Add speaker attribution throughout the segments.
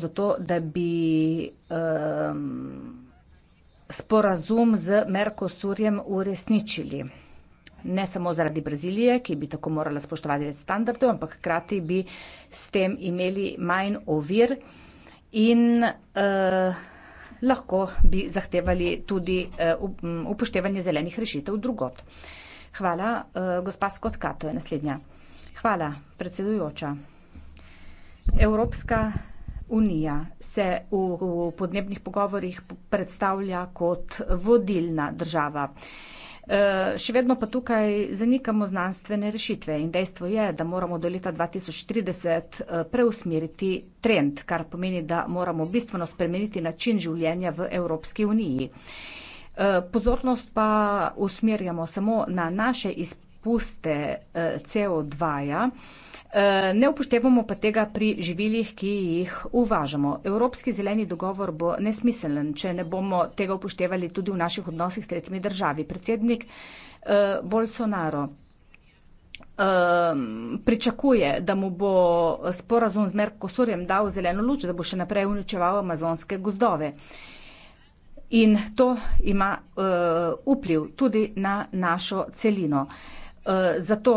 Speaker 1: zato, da bi um, sporazum z Merkosurjem uresničili. Ne samo zaradi Brazilije, ki bi tako morala spoštovati več standardov, ampak hkrati bi s tem imeli manj ovir in uh, lahko bi zahtevali tudi uh, upoštevanje zelenih rešitev drugot. Hvala, uh, gospa Skotka, to je naslednja. Hvala, predsedujoča. Evropska unija se v, v podnebnih pogovorjih predstavlja kot vodilna država. E, še vedno pa tukaj zanikamo znanstvene rešitve in dejstvo je, da moramo do leta 2030 e, preusmeriti trend, kar pomeni, da moramo bistveno spremeniti način življenja v Evropski uniji. E, pozornost pa usmerjamo samo na naše izpuste CO2-ja. -ja. Eh, ne upoštevamo pa tega pri živilih, ki jih uvažamo. Evropski zeleni dogovor bo nesmiselen, če ne bomo tega upoštevali tudi v naših odnosih s tretjimi državami. Predsednik eh, Bolsonaro eh, pričakuje, da mu bo sporazum z Merkosurjem dal zeleno luč, da bo še naprej uničeval amazonske gozdove. In to ima vpliv tudi na našo celino. Zato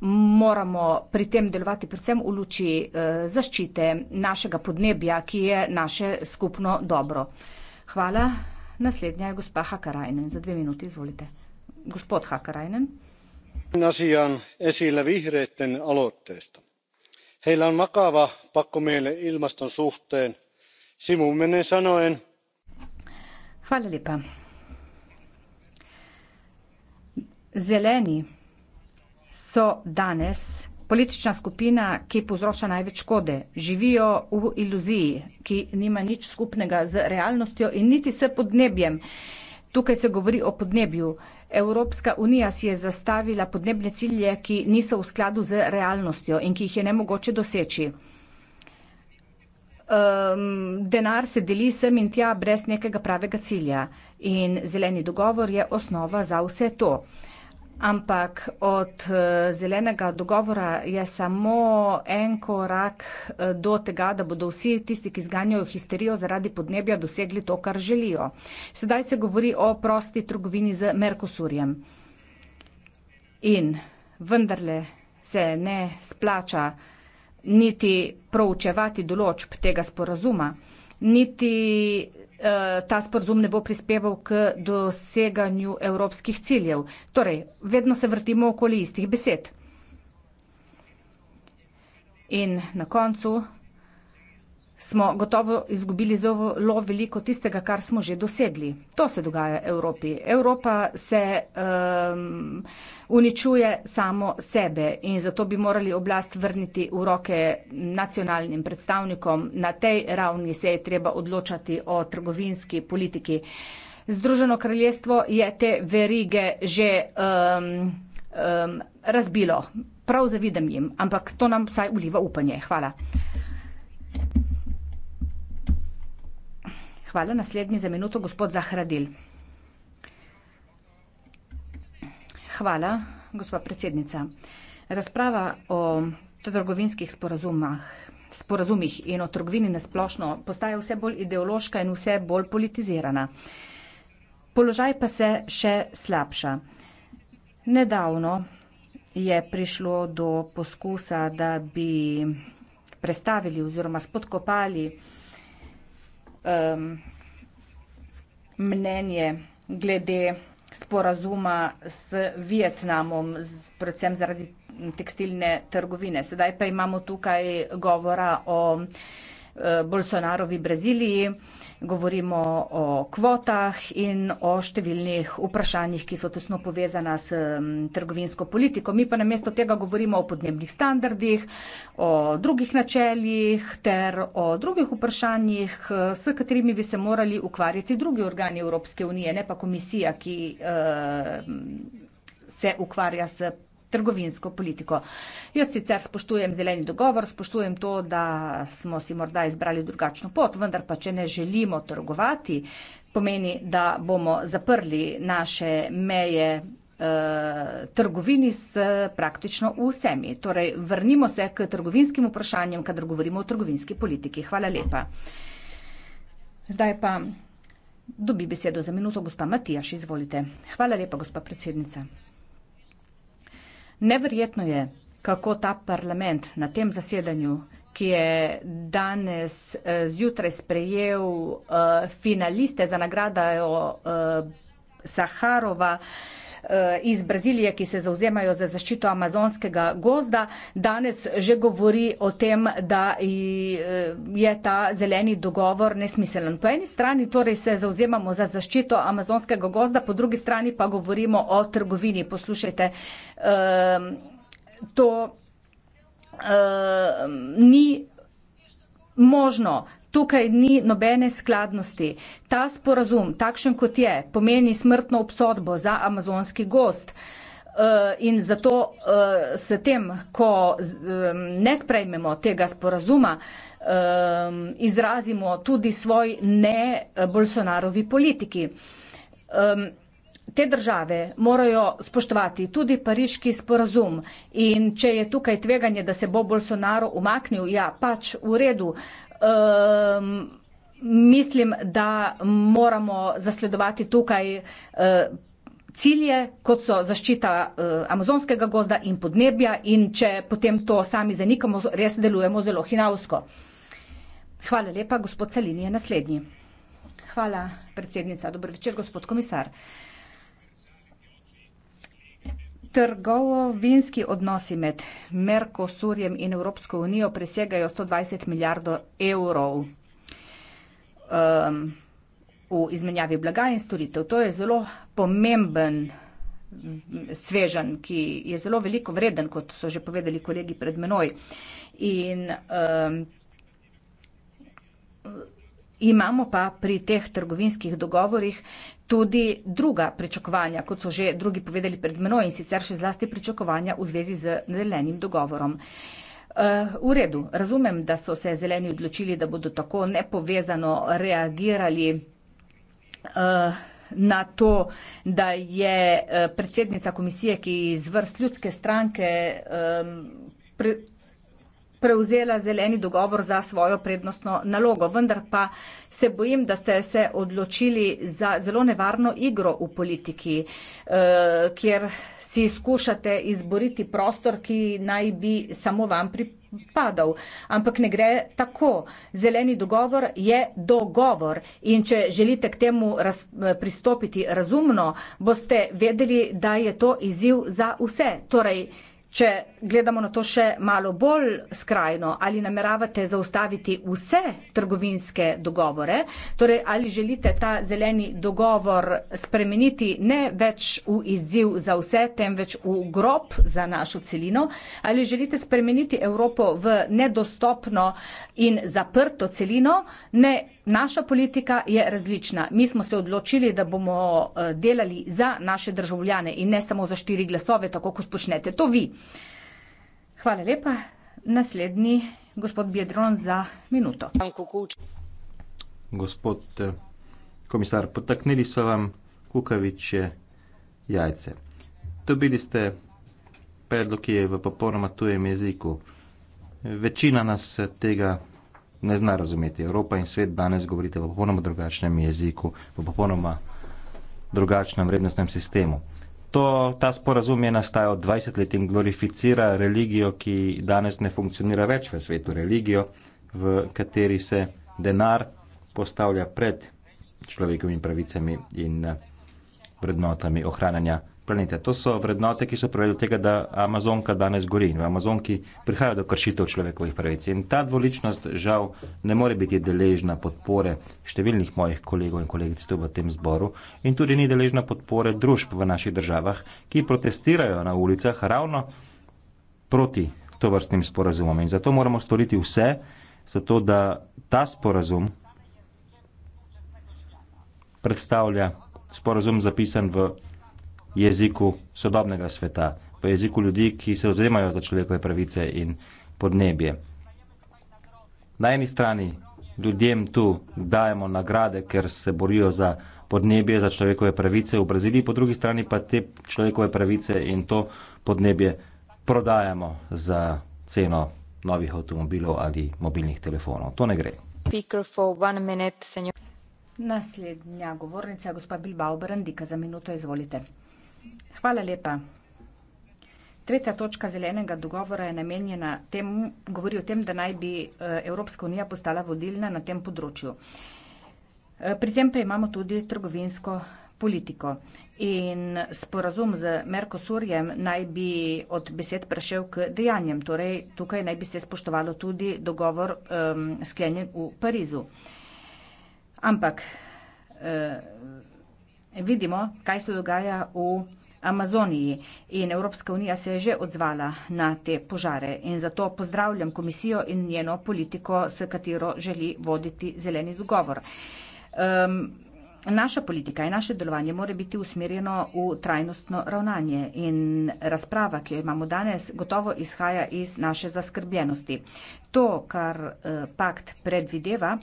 Speaker 1: moramo pri tem delovati predvsem v luči eh, zaščite našega podnebja, ki je naše skupno dobro. Hvala. Naslednja je gospa Hakarajnen. Za dve minuti, izvolite. Gospod Hakarajnen.
Speaker 2: Asian esille vihreitten aloitteesta. Heillä on vakava pakkomielle ilmaston suhteen. Simumenen sanoen.
Speaker 1: Hvala lepa. Zeleni so danes politična skupina, ki povzroča največ škode. Živijo v iluziji, ki nima nič skupnega z realnostjo in niti s podnebjem. Tukaj se govori o podnebju. Evropska unija si je zastavila podnebne cilje, ki niso v skladu z realnostjo in ki jih je nemogoče doseči. Um, denar se deli sem in tja brez nekega pravega cilja in zeleni dogovor je osnova za vse to. Uh, ampak od eh, zelenega dogovora je samo en korak eh, do tega, da bodo vsi tisti, ki zganjajo histerijo zaradi podnebja, dosegli to, kar želijo. Sedaj se govori o prosti trgovini z Merkosurjem. In vendarle se ne splača niti proučevati določb tega sporazuma, niti Eh, ta sporozum ne bo prispeval k doseganju evropskih ciljev. Torej, vedno se vrtimo okoli istih besed. In na koncu smo gotovo izgubili zelo veliko tistega, kar smo že dosegli. To se dogaja Evropi. Evropa se um, uničuje samo sebe in zato bi morali oblast vrniti v roke nacionalnim predstavnikom. Na tej ravni se je treba odločati o trgovinski politiki. Združeno kraljestvo je te verige že um, um, razbilo. Prav zavidam jim, ampak to nam vsaj uliva upanje. Hvala. Hvala, naslednji za minuto gospod Zahradil. Hvala, gospa predsednica. Razprava o trgovinskih sporazumah, sporazumih in o trgovini nasplošno postaja vse bolj ideološka in vse bolj politizirana. Položaj pa se še slabša. Nedavno je prišlo do poskusa, da bi prestavili oziroma spodkopali Um, mnenje glede sporazuma s Vietnamom, predvsem zaradi tekstilne trgovine. Sedaj pa imamo tukaj govora o uh, Bolsonarovi Braziliji govorimo o kvotah in o številnih vprašanjih, ki so tesno povezana s trgovinsko politiko. Mi pa namesto tega govorimo o podnebnih standardih, o drugih načeljih ter o drugih vprašanjih, s katerimi bi se morali ukvarjati drugi organi Evropske unije, ne pa komisija, ki se ukvarja s trgovinsko politiko. Jaz sicer spoštujem zeleni dogovor, spoštujem to, da smo si morda izbrali drugačno pot, vendar pa če ne želimo trgovati, pomeni, da bomo zaprli naše meje eh, trgovini s praktično vsemi. Torej, vrnimo se k trgovinskim vprašanjem, kadar govorimo o trgovinski politiki. Hvala lepa. Zdaj pa dobi besedo za minuto gospa Matijaš, izvolite. Hvala lepa, gospa predsednica. Neverjetno je, kako ta parlament na tem zasedanju, ki je danes eh, zjutraj sprejel eh, finaliste za nagrado eh, Saharova, Eh, iz Brazilije, ki se zauzemajo za zaščito amazonskega gozda, danes že govori o tem, da eh, je ta zeleni dogovor nesmiseln. Po eni strani torej se zauzemamo za zaščito amazonskega gozda, po drugi strani pa govorimo o trgovini. Poslušajte, eh, to ni možno. Tukaj ni nobene skladnosti. Ta sporazum, takšen kot je, pomeni smrtno obsodbo za amazonski gost. Eh, in zato eh, s tem, ko ne sprejmemo tega sporazuma, izrazimo tudi svoj ne eh, Bolsonarovi politiki. Te države morajo spoštovati tudi pariški sporazum in če je tukaj tveganje, da se bo Bolsonaro umaknil, ja, pač v redu, Um, mislim, da moramo zasledovati tukaj uh, cilje, kot so zaščita uh, amazonskega gozda in podnebja in če potem to sami zanikamo, res delujemo zelo hinavsko. Hvala lepa, gospod Salini je naslednji. Hvala, predsednica. Dobro večer, gospod komisar. Uh, trgovinski odnosi med Merkosurjem in Evropsko unijo presegajo 120 milijardov evrov um, v izmenjavi blaga in storitev. To je zelo pomemben svežen, ki je zelo veliko vreden, kot so že povedali kolegi pred menoj. In um, imamo pa pri teh trgovinskih dogovorih tudi druga pričakovanja, kot so že drugi povedali pred menoj in sicer še zlasti pričakovanja v zvezi z zelenim dogovorom. Uh, v redu, razumem, da so se zeleni odločili, da bodo tako nepovezano reagirali uh, na to, da je uh, predsednica komisije, ki iz vrst ljudske stranke um, pri, prevzela zeleni dogovor za svojo prednostno nalogo, vendar pa se bojim, da ste se odločili za zelo nevarno igro v politiki, eh, kjer si skušate izboriti prostor, ki naj bi samo vam pripadal. Ampak ne gre tako. Zeleni dogovor je dogovor in če želite k temu raz, pristopiti razumno, boste vedeli, da je to izziv za vse. Torej, Če gledamo na to še malo bolj skrajno, ali nameravate zaustaviti vse trgovinske dogovore, torej ali želite ta zeleni dogovor spremeniti ne več v izziv za vse, temveč v grob za našo celino, ali želite spremeniti Evropo v nedostopno in zaprto celino, ne Naša politika je različna. Mi smo se odločili, da bomo eh, delali za naše državljane in ne samo za štiri glasove, tako kot počnete. To vi. Hvala lepa. Naslednji gospod Biedron za minuto.
Speaker 2: Gospod eh, komisar, potaknili so vam kukaviče jajce. Dobili ste predlog, ki je v popolnoma tujem jeziku. Večina nas eh, tega ne zna razumeti. Evropa in svet danes govorite v popolnoma drugačnem jeziku, v popolnoma drugačnem vrednostnem sistemu. To, ta sporazum je nastajal 20 let in glorificira religijo, ki danes ne funkcionira več v svetu. Religijo, v kateri se denar postavlja pred človekovimi pravicami in eh, vrednotami ohranjanja planete. To so vrednote, ki so privedle do tega, da Amazonka danes gori in v Amazonki prihaja do kršitev človekovih pravic. In ta dvoličnost žal ne more biti deležna podpore številnih mojih kolegov in kolegic v tem zboru in tudi ni deležna podpore družb v naših državah, ki protestirajo na ulicah ravno proti to vrstnim sporazumom. In zato moramo storiti vse, zato da ta sporazum predstavlja sporazum zapisan v jeziku sodobnega sveta, po jeziku ljudi, ki se ozemajo za človekove pravice in podnebje. Na eni strani ljudem tu dajemo nagrade, ker se borijo za podnebje, za človekove pravice v Braziliji, po drugi strani pa te človekove pravice in to podnebje prodajamo za ceno novih avtomobilov ali mobilnih telefonov. To ne gre.
Speaker 1: Naslednja govornica, gospa Bilbao Brandika, za minuto izvolite. Hvala lepa. Tretja točka zelenega dogovora je namenjena temu, govori o tem, da naj bi eh, Evropska unija postala vodilna na tem področju. Eh, pri tem pa imamo tudi trgovinsko politiko. In sporazum z Mercosurjem naj bi od besed prešel k dejanjem, torej tukaj naj bi se spoštovalo tudi dogovor ehm, sklenjen v Parizu. Ampak eh, vidimo, kaj se dogaja v Amazoniji in Evropska unija se je že odzvala na te požare in zato pozdravljam komisijo in njeno politiko, s katero želi voditi zeleni dogovor. Um, naša politika in naše delovanje mora biti usmerjeno v trajnostno ravnanje in razprava, ki jo imamo danes, gotovo izhaja iz naše zaskrbljenosti. To, kar uh, pakt predvideva,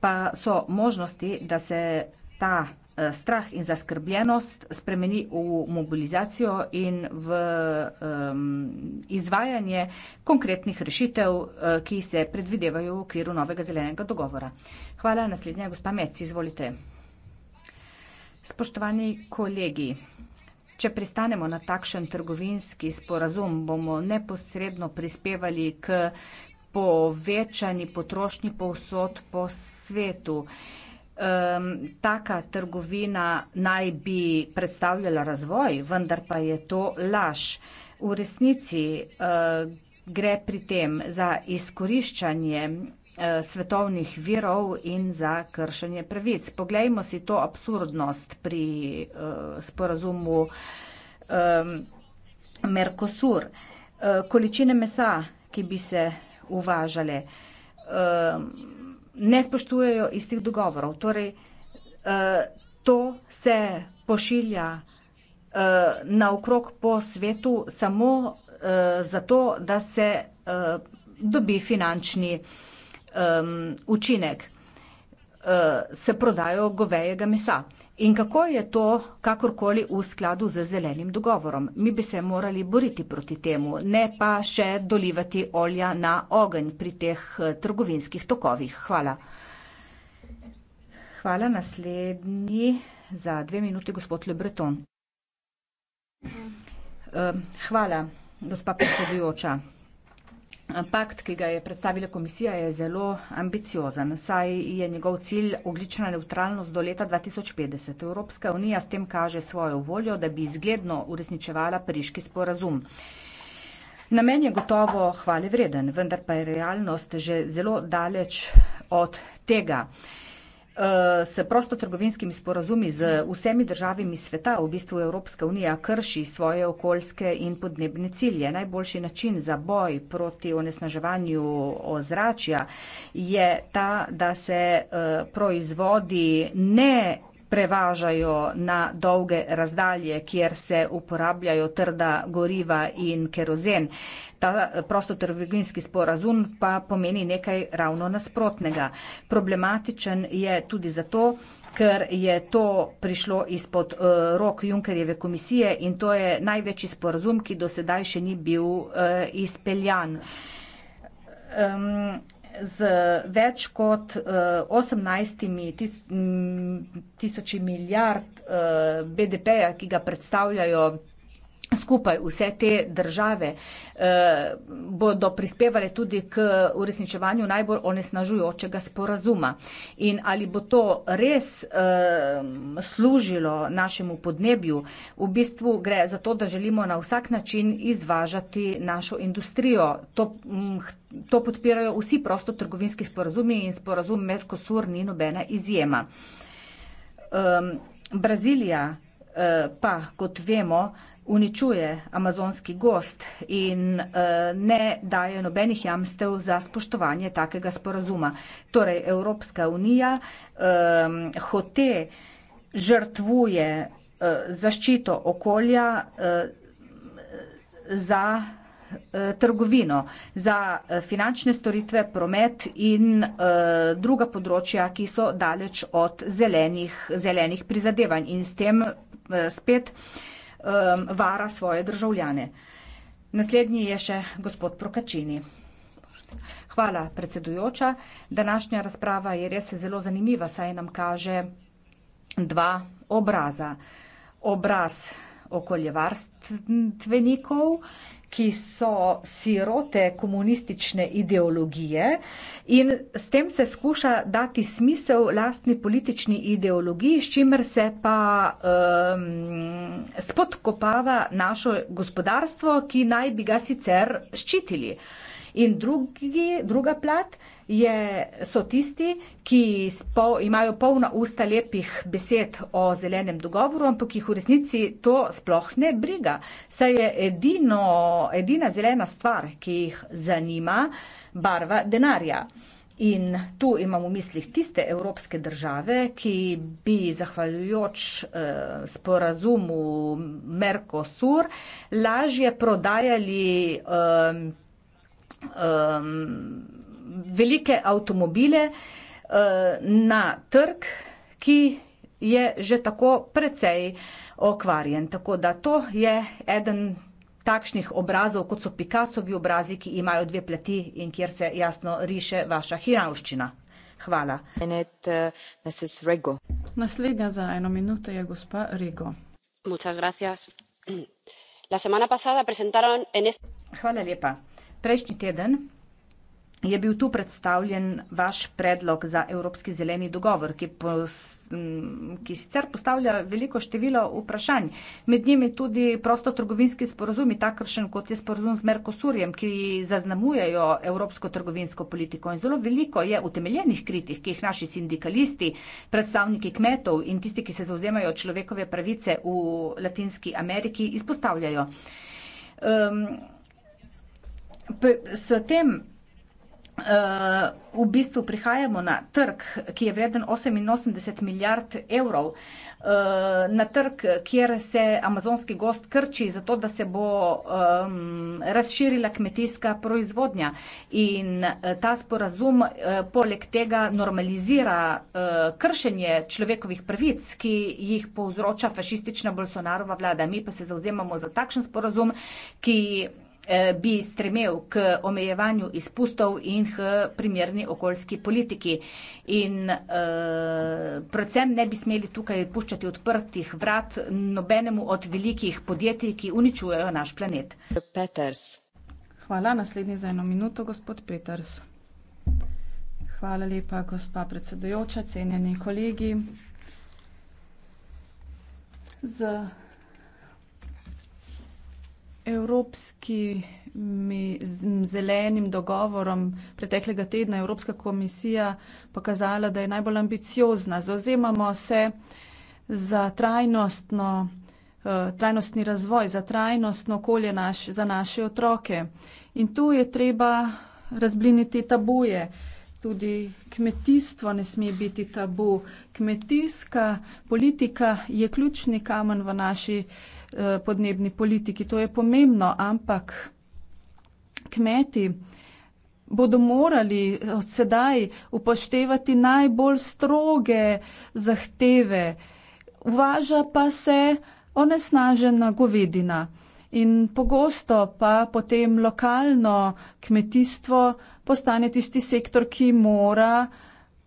Speaker 1: pa so možnosti, da se ta Eh, strah in zaskrbljenost spremeni v mobilizacijo in v um, izvajanje konkretnih rešitev, uh, ki se predvidevajo v okviru novega zelenega dogovora. Hvala, naslednja gospa Mec, izvolite. Spoštovani kolegi, če pristanemo na takšen trgovinski sporazum, bomo neposredno prispevali k povečani potrošnji povsod po svetu. Uh, taka trgovina naj bi predstavljala razvoj, vendar pa je to laž. V resnici e, gre pri tem za izkoriščanje e, svetovnih virov in za kršenje pravic. Poglejmo si to absurdnost pri e, sporazumu Mercosur. Količine mesa, ki bi se uvažale, ne spoštujejo istih dogovorov. Torej, eh, to se pošilja eh, naokrog po svetu samo eh, zato, da se dobi finančni učinek. Se prodajo govejega mesa. In kako je to kakorkoli v skladu z zelenim dogovorom? Mi bi se morali boriti proti temu, ne pa še dolivati olja na ogenj pri teh eh, trgovinskih tokovih. Hvala. Hvala, naslednji za dve minuti, gospod Lebreton. Mhm. Eh, hvala, gospa predsedujoča. Pakt, ki ga je predstavila komisija, je zelo ambiciozen, saj je njegov cilj oglična neutralnost do leta 2050. Evropska unija s tem kaže svojo voljo, da bi izgledno uresničevala priški sporazum. Namen je gotovo hvale vreden, vendar pa je realnost že zelo daleč od tega. Uh, uh, eh, se prosto trgovinskimi sporazumi z vsemi državami sveta, v bistvu Evropska unija, krši svoje okoljske in podnebne cilje. Najboljši način za boj proti onesnaževanju ozračja je ta, da se uh, proizvodi ne prevažajo na dolge razdalje, kjer se uporabljajo trda goriva in kerozen. Ta prostotrgovinski sporazum pa pomeni nekaj ravno nasprotnega. Problematičen je tudi zato, ker je to prišlo izpod uh, rok Junkerjeve komisije in to je največji sporazum, ki do sedaj še ni bil uh, izpeljan. Um, z več kot uh, 18 tisoč milijard uh, BDP-ja, ki ga predstavljajo Skupaj vse te države eh, bodo prispevali tudi k uresničevanju najbolj onesnažujočega sporazuma. In ali bo to res eh, služilo našemu podnebju? V bistvu gre za to, da želimo na vsak način izvažati našo industrijo. To, hm, to podpirajo vsi prostotrgovinski sporazumi in sporazum Merkosur ni nobena izjema. Eh, Brazilija eh, pa, kot vemo, uničuje amazonski gost in uh, ne daje nobenih jamstev za spoštovanje takega sporazuma. Torej, Evropska unija um, hote žrtvuje uh, zaščito okolja uh, za trgovino, za finančne storitve, promet in uh, druga področja, ki so daleč od zelenih, zelenih prizadevanj in s tem uh, spet uh, Um, vara svoje državljane. Naslednji je še gospod Prokačini. Hvala, predsedujoča. Današnja razprava je res zelo zanimiva, saj nam kaže dva obraza. Obraz okoljevarstvenikov, ki so sirote komunistične ideologije in s tem se skuša dati smisel lastni politični ideologiji, s čimer se pa um, spodkopava naše gospodarstvo, ki naj bi ga sicer ščitili. In drugi, druga plat je, je, so tisti, ki spo, imajo polna usta lepih besed o zelenem dogovoru, ampak jih v resnici to sploh ne briga. Saj je edino, edina zelena stvar, ki jih zanima, barva denarja. In tu imamo v mislih tiste evropske države, ki bi zahvaljujoč eh, sporazumu Mercosur lažje prodajali eh, eh, velike avtomobile eh, na trg, ki je že tako precej okvarjen. Tako da to je eden takšnih obrazov, kot so Picassovi obrazi, ki imajo dve plati in kjer se jasno riše vaša hiravščina. Hvala. Eh, Naslednja za eno minuto je gospa Rego. Hvala lepa. Prejšnji teden je bil tu predstavljen vaš predlog za Evropski zeleni dogovor, ki, ki sicer postavlja veliko število vprašanj. Med njimi tudi prostotrgovinski sporozumi, takšen kot je sporozum z Merkosurjem, ki zaznamujejo evropsko trgovinsko politiko. In zelo veliko je utemeljenih kritik, ki jih naši sindikalisti, predstavniki kmetov in tisti, ki se zauzemajo človekove pravice v Latinski Ameriki, izpostavljajo. Um, S tem Eh, v bistvu prihajamo na trg, ki je vreden 88 milijard evrov, eh, na trg, kjer se amazonski gost krči zato, da se bo um, razširila kmetijska proizvodnja. In eh, ta sporazum uh, poleg tega normalizira uh, kršenje človekovih pravic, ki jih povzroča fašistična Bolsonarova vlada. Mi pa se zauzemamo za takšen sporazum, ki uh, Eh, bi stremel k omejevanju izpustov in k primerni okoljski politiki. In eh, predvsem ne bi smeli tukaj puščati odprtih vrat nobenemu od velikih podjetij, ki uničujejo naš planet. Peters. Hvala, naslednji za eno minuto, gospod Peters. Hvala lepa, gospa predsedujoča,
Speaker 3: cenjeni kolegi. Z Evropskimi zelenim dogovorom preteklega tedna Evropska komisija pokazala, da je najbolj ambiciozna. Zauzemamo se za trajnostno, eh, trajnostni razvoj, za trajnostno okolje naš, za naše otroke. In tu je treba razbliniti tabuje. Tudi kmetijstvo ne sme biti tabu. Kmetijska politika je ključni kamen v naši Eh, podnebni politiki. To je pomembno, ampak kmeti bodo morali od sedaj upoštevati najbolj stroge zahteve. Uvaža pa se onesnažena govedina in pogosto pa potem lokalno kmetijstvo postane tisti sektor, ki mora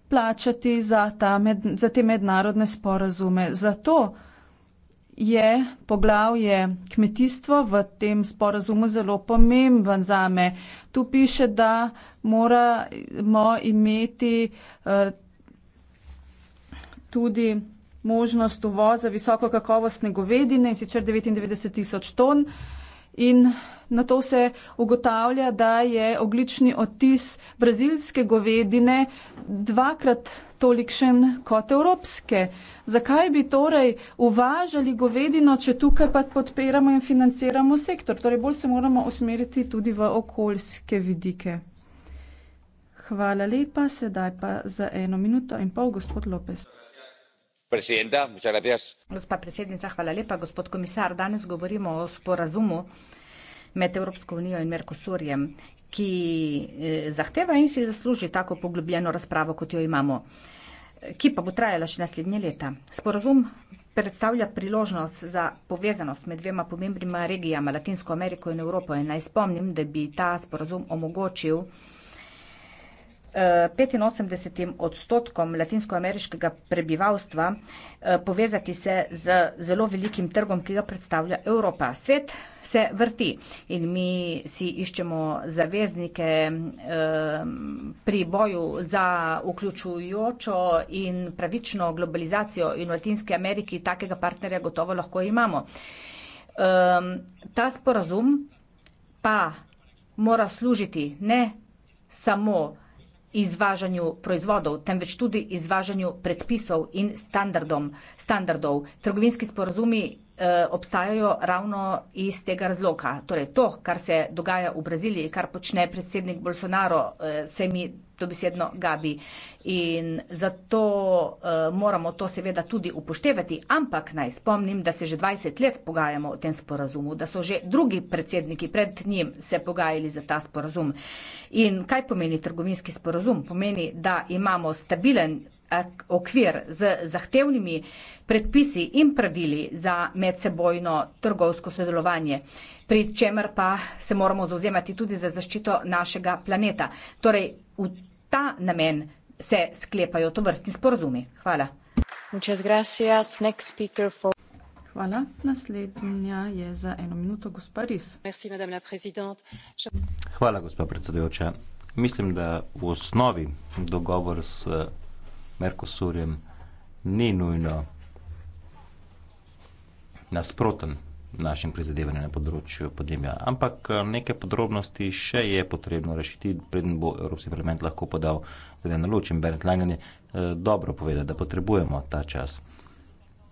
Speaker 3: plačati za, med, za te mednarodne sporazume. Zato je poglavje kmetijstvo v tem sporazumu zelo pomemben za me. Tu piše, da moramo imeti eh, tudi možnost uvoza visokokakovostne govedine in sicer 99 tisoč ton in Na to se ugotavlja, da je oglični odtis brazilske govedine dvakrat tolikšen kot evropske. Zakaj bi torej uvažali govedino, če tukaj pa podpiramo in financiramo sektor? Torej bolj se moramo usmeriti tudi v okoljske vidike. Hvala lepa, sedaj pa za eno minuto in pol,
Speaker 1: gospod Lopes. Gospa predsednica, hvala lepa, gospod komisar. Danes govorimo o sporazumu med Evropsko unijo in Merkosurjem, ki eh, zahteva in si zasluži tako poglobljeno razpravo, kot jo imamo, ki pa bo trajala še naslednje leta. Sporazum predstavlja priložnost za povezanost med dvema pomembnima regijama, Latinsko Ameriko in Evropo. In naj spomnim, da bi ta sporazum omogočil petinosemdesetim odstotkom latinskoameriškega prebivalstva eh, povezati se z zelo velikim trgom, ki ga predstavlja Evropa. Svet se vrti in mi si iščemo zaveznike eh, pri boju za vključujočo in pravično globalizacijo in v Latinski Ameriki takega partnerja gotovo lahko imamo. Ehm, ta sporazum pa mora služiti ne samo izvažanju proizvodov, temveč tudi izvažanju predpisov in standardom, standardov. Trgovinski sporazumi Eh, obstajajo ravno iz tega razloga. Torej, to, kar se dogaja v Braziliji, kar počne predsednik Bolsonaro, eh, se mi dobesedno gabi. In zato eh, moramo to seveda tudi upoštevati, ampak naj spomnim, da se že 20 let pogajamo o tem sporazumu, da so že drugi predsedniki pred njim se pogajali za ta sporazum. In kaj pomeni trgovinski sporazum? Pomeni, da imamo stabilen okvir z zahtevnimi predpisi in pravili za medsebojno trgovsko sodelovanje, pri čemer pa se moramo zauzemati tudi za zaščito našega planeta. Torej, v ta namen se sklepajo to vrstni sporozumi. Hvala. Hvala.
Speaker 3: Naslednja je za eno minuto gospa Ris.
Speaker 2: Hvala, gospa predsedujoča. Mislim, da v osnovi dogovor s Merkosurjem, ni nujno nasproten našim prizadevanjem na področju podnebja. Ampak eh, neke podrobnosti še je potrebno rešiti, preden bo Evropski parlament lahko podal zeleno luč. In Bernd Langen je eh, dobro povedal, da potrebujemo ta čas.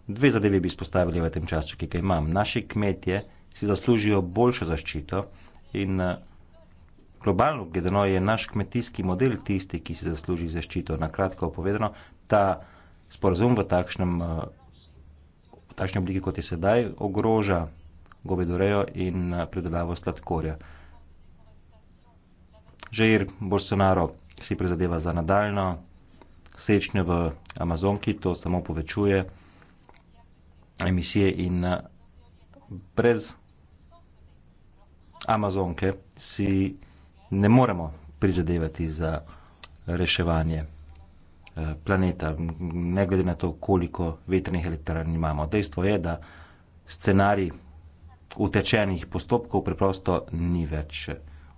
Speaker 2: Dve zadeve bi izpostavili v tem času, ki ga imam. Naši kmetje si zaslužijo boljšo zaščito in eh, globalno gledano je naš kmetijski model tisti, ki se zasluži zaščito. Na kratko povedano, ta sporazum v takšnem eh, v takšnem obliki, kot je sedaj, ogroža govedorejo in eh, predelavo sladkorja. Žeir Bolsonaro si prizadeva za nadaljno sečnje v Amazonki, to samo povečuje emisije in eh, brez Amazonke si ne moremo prizadevati za reševanje eh, planeta, ne glede na to, koliko vetrnih elektrarn imamo. Dejstvo je, da scenarij utečenih postopkov preprosto ni več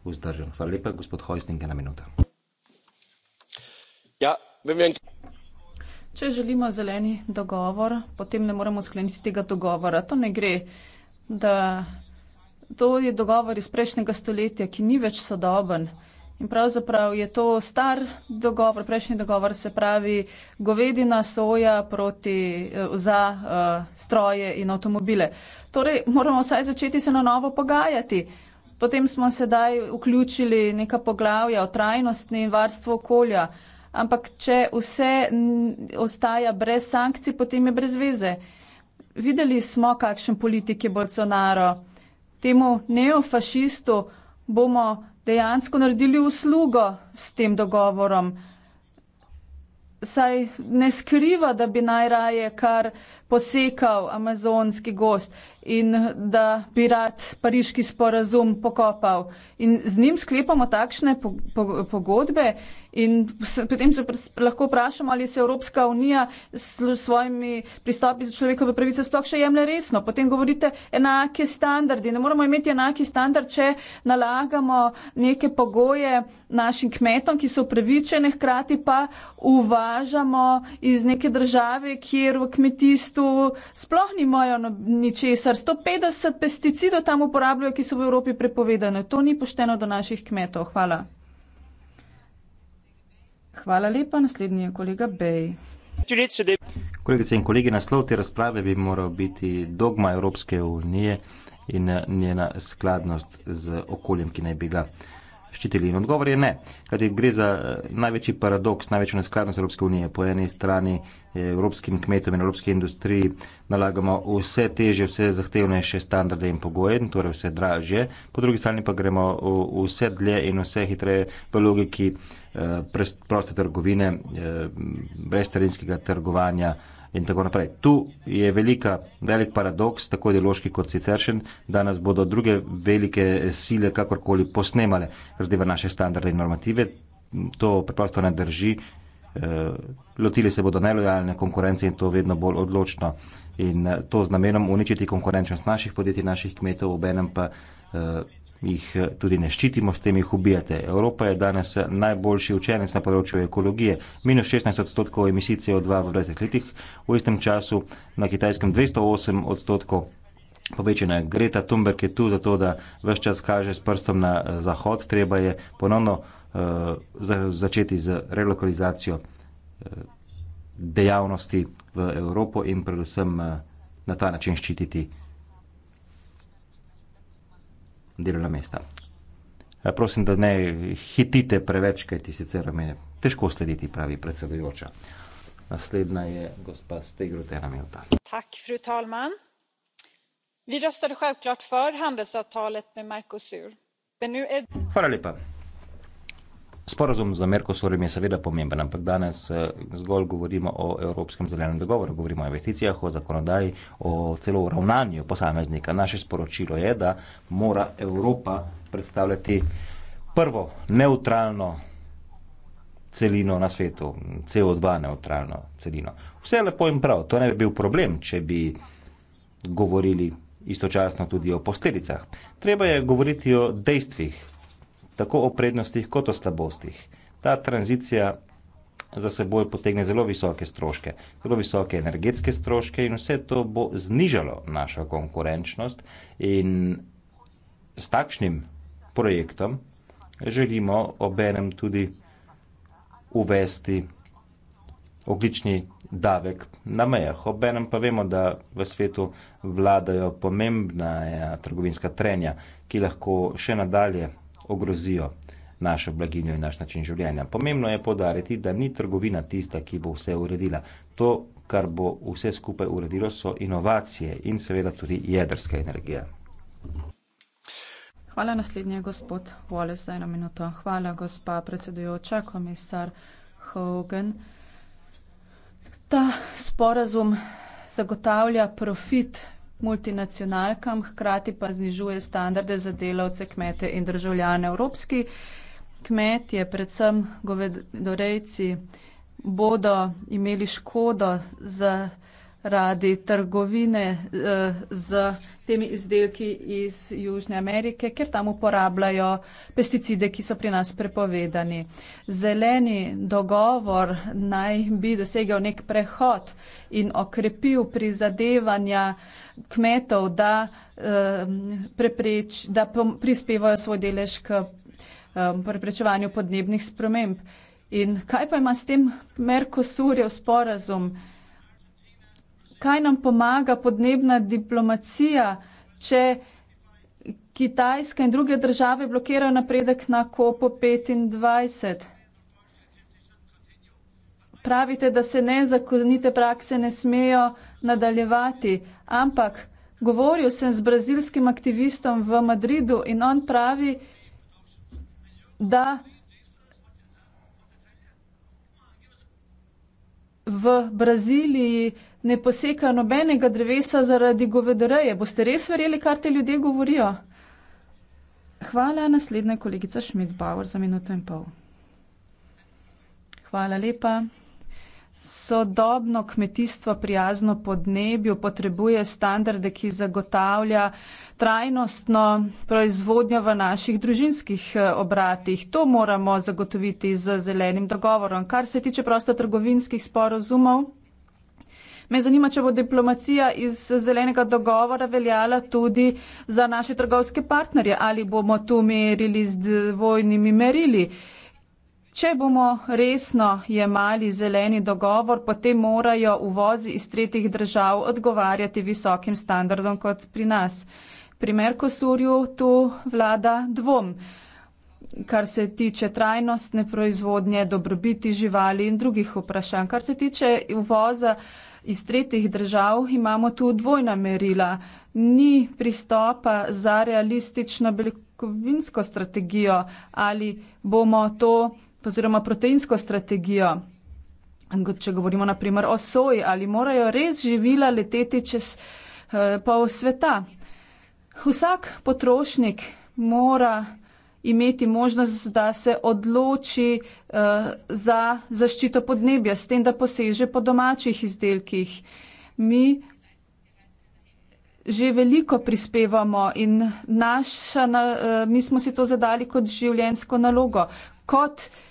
Speaker 2: vzdržen. Hvala lepa, gospod Hoisting, ena minuta. Ja,
Speaker 3: Če želimo zeleni dogovor, potem ne moremo skleniti tega dogovora. To ne gre, da to je dogovor iz prejšnjega stoletja, ki ni več sodoben. In pravzaprav je to star dogovor, prejšnji dogovor se pravi govedina, soja proti, eh, za uh, stroje in avtomobile. Torej moramo vsaj začeti se na novo pogajati. Potem smo sedaj vključili neka poglavja o trajnostni in varstvu okolja. Ampak če vse ostaja brez sankcij, potem je brez veze. Videli smo, kakšen politik je Bolsonaro temu neofašistu, bomo dejansko naredili uslugo s tem dogovorom. Saj ne skriva, da bi najraje kar posekal amazonski gost in da bi rad pariški sporazum pokopal. In z njim sklepamo takšne pogodbe In potem se lahko vprašamo, ali se Evropska unija s svojimi pristopi za človekove pravice sploh še jemlje resno. Potem govorite enake standardi. Ne moramo imeti enaki standard, če nalagamo neke pogoje našim kmetom, ki so upravičene, hkrati pa uvažamo iz neke države, kjer v kmetijstvu sploh nimajo no-, ničesar. 150 pesticidov tam uporabljajo, ki so v Evropi prepovedane. To ni pošteno do naših kmetov. Hvala. Hvala lepa, naslednji je kolega Bej.
Speaker 2: Kolegice in kolegi, naslov te razprave bi moral biti dogma Evropske unije in njena skladnost z okoljem, ki naj bi ga ščitili. In odgovor je ne, kaj gre za eh, največji paradoks, največjo neskladnost Evropske unije. Po eni strani eh, evropskim kmetom in evropski industriji nalagamo vse teže, vse zahtevnejše standarde in pogoje, in torej vse dražje, po drugi strani pa gremo vse dlje in vse hitreje v logiki eh, proste trgovine, eh, brez terenskega trgovanja in tako naprej. Tu je velika, velik paradoks, tako ideološki kot siceršen, da nas bodo druge velike sile kakorkoli posnemale, ker zdaj v naše standarde in normative to preprosto ne drži. Eh, lotili se bodo nelojalne konkurence in to vedno bolj odločno. In eh, to z namenom uničiti konkurenčnost naših podjetij, naših kmetov, obenem pa eh, jih eh, tudi ne ščitimo, s tem jih ubijate. Evropa je danes eh, najboljši učenec na področju ekologije. Minus 16 odstotkov emisij CO2 v 20 letih, v istem času na kitajskem 208 odstotkov. Povečena je Greta Thunberg je tu zato, da vse čas kaže s prstom na eh, zahod, treba je ponovno uh, za, začeti z relokalizacijo uh, dejavnosti v Evropo in predvsem uh, na ta način ščititi delovna mesta. Prosim, da ne hitite preveč, kaj ti sicer me težko slediti, pravi predsedujoča. Naslednja je gospa Stegrutena Milta.
Speaker 1: Tak, fru talman. Vi
Speaker 3: röstade självklart för handelsavtalet med Mercosur.
Speaker 2: Hvala lepa. Sporazum z Merkosurjem je seveda pomemben, ampak danes eh, zgolj govorimo o Evropskem zelenem dogovoru, govorimo o investicijah, o zakonodaji, o celo ravnanju posameznika. Naše sporočilo je, da mora Evropa predstavljati prvo neutralno celino na svetu, CO2 neutralno celino. Vse lepo in prav, to ne bi bil problem, če bi govorili istočasno tudi o posledicah. Treba je govoriti o dejstvih, tako o prednostih kot o slabostih. Ta tranzicija za seboj potegne zelo visoke stroške, zelo visoke energetske stroške in vse to bo znižalo našo konkurenčnost in s takšnim projektom želimo obenem tudi uvesti oglični davek na mejah. Obenem pa vemo, da v svetu vladajo pomembna trgovinska trenja, ki lahko še nadalje ogrozijo našo blaginjo in naš način življenja. Pomembno je podariti, da ni trgovina tista, ki bo vse uredila. To, kar bo vse skupaj uredilo, so inovacije in seveda tudi jedrska energija.
Speaker 3: Hvala naslednje, gospod Wallace, za eno minuto. Hvala, gospa predsedujoča, komisar Hogan. Ta sporazum zagotavlja profit multinacionalkam, hkrati pa znižuje standarde za delavce, kmete in državljane. Evropski kmetje, predvsem govedorejci, bodo imeli škodo zaradi trgovine eh, z temi izdelki iz Južne Amerike, ker tam uporabljajo pesticide, ki so pri nas prepovedani. Zeleni dogovor naj bi dosegel nek prehod in okrepil prizadevanja kmetov, da ehm, preprečijo, da prispevajo svoj delež k ehm, preprečevanju podnebnih sprememb. In kaj pa ima s tem Merkosurjev sporazum? Kaj nam pomaga podnebna diplomacija, če Kitajska in druge države blokirajo napredek na kopo 25? Pravite, da se nezakonite prakse ne smejo nadaljevati ampak govoril sem z brazilskim aktivistom v Madridu in on pravi, da v Braziliji ne posekajo nobenega drevesa zaradi govedoreje. Boste res verjeli, kar te ljudje govorijo? Hvala, naslednja kolegica Schmidt-Bauer, za minuto in pol. Hvala lepa sodobno kmetijstvo prijazno podnebju potrebuje standarde, ki zagotavlja trajnostno proizvodnjo v naših družinskih eh, obratih. To moramo zagotoviti z zelenim dogovorom. Kar se tiče prostotrgovinskih sporozumov, me zanima, če bo diplomacija iz zelenega dogovora veljala tudi za naše trgovske partnerje ali bomo tu merili z dvojnimi merili. Če bomo resno jemali zeleni dogovor, potem morajo uvozi iz tretjih držav odgovarjati visokim standardom kot pri nas. Primer Kosurju tu vlada dvom, kar se tiče trajnostne proizvodnje, dobrobiti živali in drugih vprašanj. Kar se tiče uvoza iz tretjih držav, imamo tu dvojna merila. Ni pristopa za realistično beljakovinsko strategijo ali bomo to oziroma proteinsko strategijo. Če govorimo naprimer o soji, ali morajo res živila leteti čez eh, pol sveta. Vsak potrošnik mora imeti možnost, da se odloči uh, za zaščito podnebja, s tem, da poseže po domačih izdelkih. Mi že veliko prispevamo in naša, na, uh, mi smo si to zadali kot življensko nalogo, kot uh,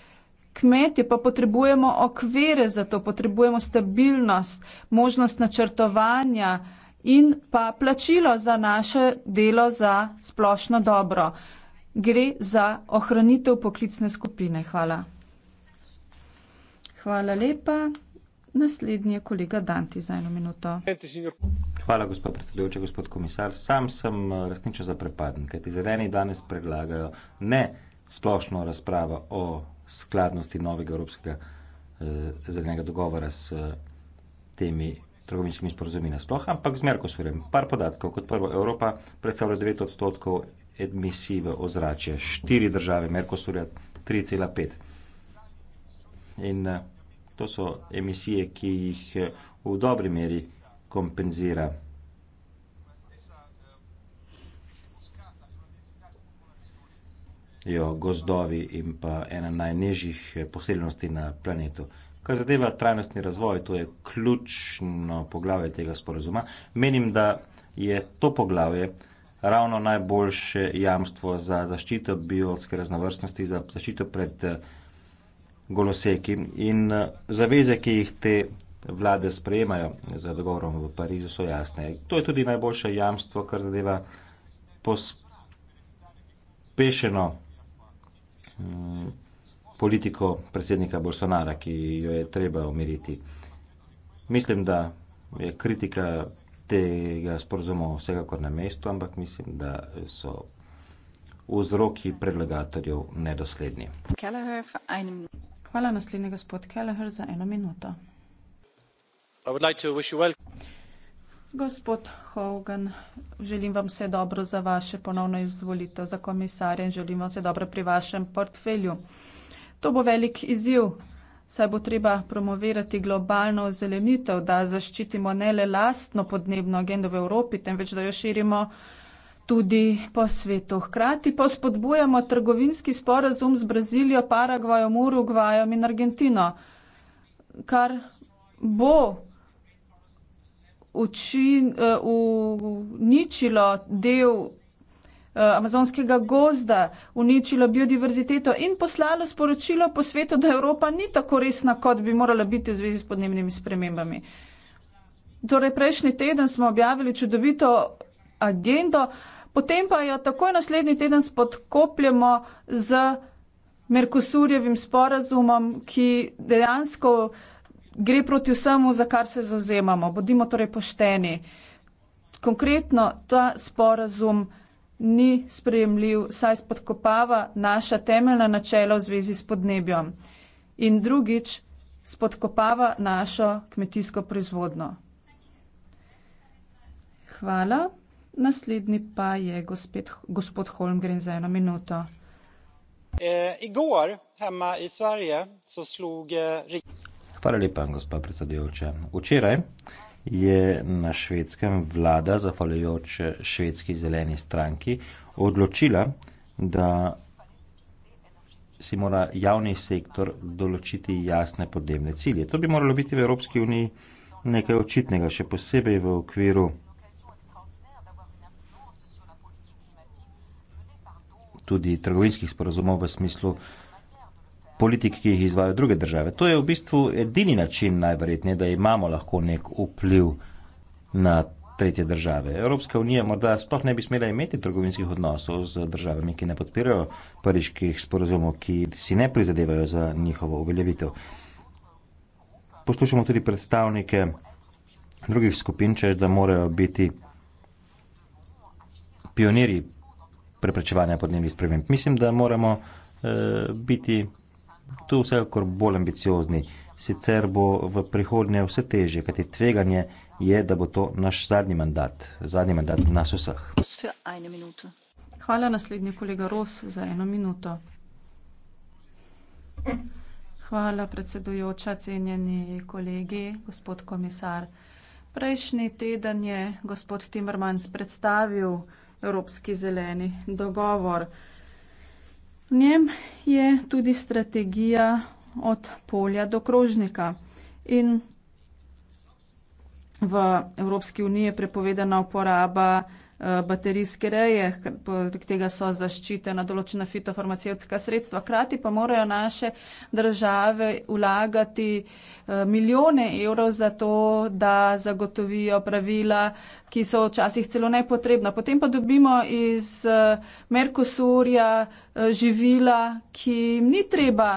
Speaker 3: kmetje pa potrebujemo okvire za to, potrebujemo stabilnost, možnost načrtovanja in pa plačilo za naše delo za splošno dobro. Gre za ohranitev poklicne skupine. Hvala. Hvala lepa. Naslednji je kolega Danti za eno minuto.
Speaker 2: Hvala, gospod predsedujoči, gospod komisar. Sam sem eh, resnično zaprepaden, kajti zeleni danes predlagajo ne splošno razpravo o skladnosti novega evropskega eh, zelenega dogovora s eh, temi trgovinskimi sporozumi nasploh, ampak z Merkosurjem. Par podatkov. Kot prvo, Evropa predstavlja 9 odstotkov emisij v ozračje, štiri države Merkosurja 3,5. In eh, to so emisije, ki jih eh, v dobri meri kompenzira jo gozdovi in pa ena najnižjih poseljenosti na planetu. Kar zadeva trajnostni razvoj, to je ključno poglavje tega sporazuma. Menim, da je to poglavje ravno najboljše jamstvo za zaščito biotske raznovrstnosti, za zaščito pred eh, goloseki in eh, zaveze, ki jih te vlade sprejemajo za dogovorom v Parizu, so jasne. To je tudi najboljše jamstvo, kar zadeva pospešeno Eh, politiko predsednika Bolsonara, ki jo je treba umiriti. Mislim, da je kritika tega sporozuma vsega kor na mestu, ampak mislim, da so vzroki predlagatorjev nedosledni.
Speaker 3: Hvala naslednji gospod Kelleher za eno minuto.
Speaker 1: I would like to wish you well.
Speaker 3: Gospod Hogan, želim vam vse dobro za vaše ponovno izvolitev za komisarja in želim vam vse dobro pri vašem portfelju. To bo velik izziv, saj bo treba promovirati globalno ozelenitev, da zaščitimo ne le lastno podnebno agendo v Evropi, temveč da jo širimo tudi po svetu. Hkrati pa spodbujamo trgovinski sporazum z Brazilijo, Paragvajom, Urugvajom in Argentino, kar bo učin, eh, uničilo del eh, amazonskega gozda, uničilo biodiverziteto in poslalo sporočilo po svetu, da Evropa ni tako resna, kot bi morala biti v zvezi s podnebnimi spremembami. Torej, prejšnji teden smo objavili čudovito agendo, potem pa jo takoj naslednji teden spodkopljamo z Merkusurjevim sporazumom, ki dejansko uh, gre proti vsemu, za kar se zauzemamo. Bodimo torej pošteni. Konkretno ta sporazum ni sprejemljiv, saj spodkopava naša temeljna načela v zvezi s podnebjem. In drugič, spodkopava našo kmetijsko proizvodno. Hvala. Naslednji pa je gospod, gospod Holmgren za eno minuto.
Speaker 2: Eh, Igor, hema iz Sverige, so sluge. Eh, Hvala lepa, gospa predsedujoča. Včeraj je na švedskem vlada, zahvaljujoč švedski zeleni stranki, odločila, da si mora javni sektor določiti jasne podnebne cilje. To bi moralo biti v Evropski uniji nekaj očitnega, še posebej v okviru tudi trgovinskih sporazumov v smislu politik, ki jih izvajo druge države. To je v bistvu edini način, najverjetneje, da imamo lahko nek vpliv na tretje države. Evropska unija morda sploh ne bi smela imeti trgovinskih odnosov z državami, ki ne podpirajo pariških sporozumov, ki si ne prizadevajo za njihovo uveljavitev. Poslušamo tudi predstavnike drugih skupin, češ da morajo biti pionirji preprečevanja podnebnih sprememb. Mislim, da moramo eh, biti to je vsekakor bolj ambiciozni sicer bo v prihodnje vse težje kajti tveganje je da bo to naš zadnji mandat zadnji mandat nas vseh
Speaker 3: hvala naslednji kolega ros za eno minuto Hvala, predsedujoča, cenjeni kolegi, gospod komisar. Prejšnji teden je gospod Timmermans predstavil Evropski zeleni dogovor njem je tudi strategija od polja do krožnika. In v Evropski uniji je prepovedana uporaba Eh, baterijske reje, poleg tega so zaščitena določena fitofarmacevtska sredstva. Krati pa morajo naše države vlagati eh, milijone evrov za to, da zagotovijo pravila, ki so včasih celo nepotrebna. Potem pa dobimo iz eh, Merkosurja živila, ki jim ni treba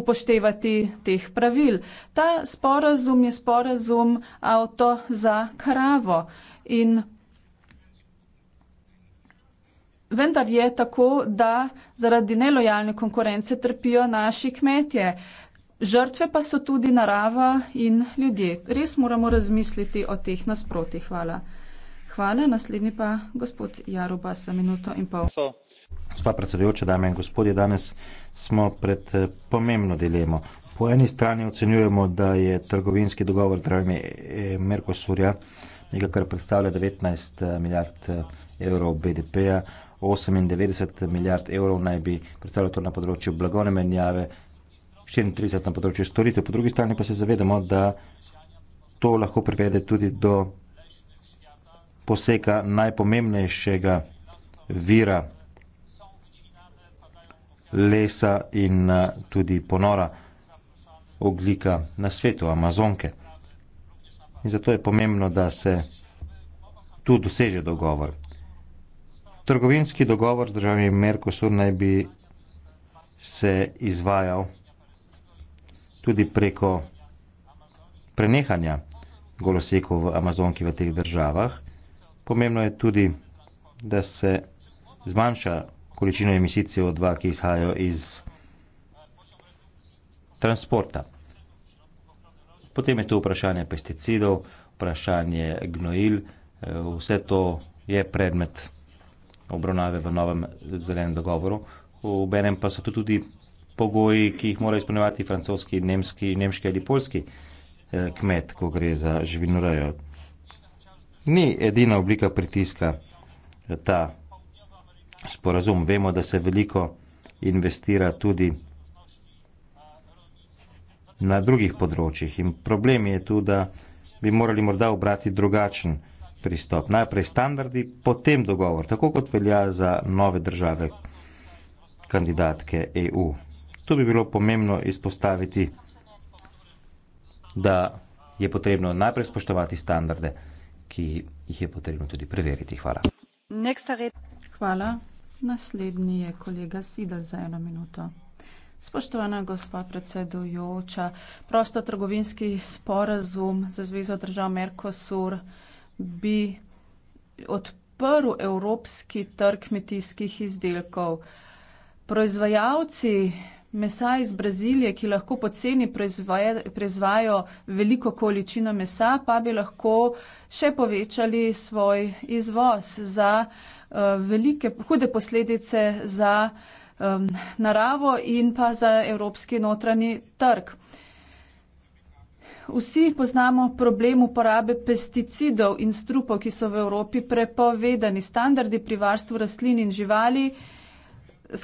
Speaker 3: upoštevati teh pravil. Ta sporazum je sporazum avto za karavo. In vendar je tako, da zaradi nelojalne konkurence trpijo naši kmetje. Žrtve pa so tudi narava in ljudje. Res moramo razmisliti o teh nasprotih. Hvala. Hvala, naslednji pa gospod Jaroba za minuto in pol.
Speaker 2: Gospa predsedujoča, dame in gospodje, danes smo pred eh, pomembno dilemo. Po eni strani ocenjujemo, da je trgovinski dogovor z državami Merkosurja eh, nekaj, kar predstavlja 19 eh, milijard eh, evrov BDP-ja, 98 milijard evrov naj bi predstavljalo to na področju blagovne menjave, 34 na področju storitev, po drugi strani pa se zavedamo, da to lahko privede tudi do poseka najpomembnejšega vira lesa in eh, tudi ponora oglika na svetu, Amazonke in zato je pomembno da se tu doseže dogovor trgovinski dogovor z državami Mercosur naj bi se izvajal tudi preko prenehanja golosekov v Amazonki v teh državah. Pomembno je tudi, da se zmanjša količino emisij CO2, ki izhajajo iz transporta potem je tu vprašanje pesticidov, vprašanje gnojil, eh, vse to je predmet obravnave v novem zelenem dogovoru. Obenem pa so tu tudi pogoji, ki jih morajo izpolnjevati francoski, nemski, nemški ali polski eh, kmet, ko gre za živino rejo. Ni edina oblika pritiska eh, ta sporazum. Vemo, da se veliko investira tudi na drugih področjih. In problem je tu, da bi morali morda obrati drugačen pristop. Najprej standardi, potem dogovor, tako kot velja za nove države kandidatke EU. Tu bi bilo pomembno izpostaviti, da je potrebno najprej spoštovati standarde, ki jih je potrebno tudi preveriti. Hvala.
Speaker 3: Hvala. Naslednji je kolega Sidal za eno minuto. Spoštovana gospa predsedujoča, prostotrgovinski sporazum za Zvezo držav Mercosur bi odprl evropski trg kmetijskih izdelkov. Proizvajalci mesa iz Brazilije, ki lahko poceni proizvajajo veliko količino mesa, pa bi lahko še povečali svoj izvoz za, eh, velike, hude posledice za, um, naravo in pa za evropski notranji trg. Vsi poznamo problem uporabe pesticidov in strupov, ki so v Evropi prepovedani. Standardi pri varstvu rastlin in živali,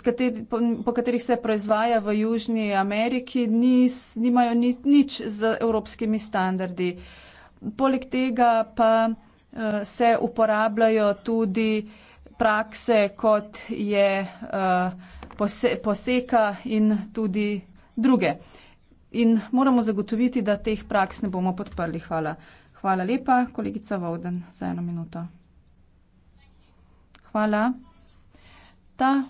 Speaker 3: kateri, po, po katerih se proizvaja v Južni Ameriki, nis, nimajo ni, nič z evropskimi standardi. Poleg tega pa uh, se uporabljajo tudi prakse, kot je uh, pose, poseka in tudi druge. In moramo zagotoviti, da teh praks ne bomo podprli. Hvala. Hvala lepa, kolegica Vauden, za eno minuto. Hvala. Ta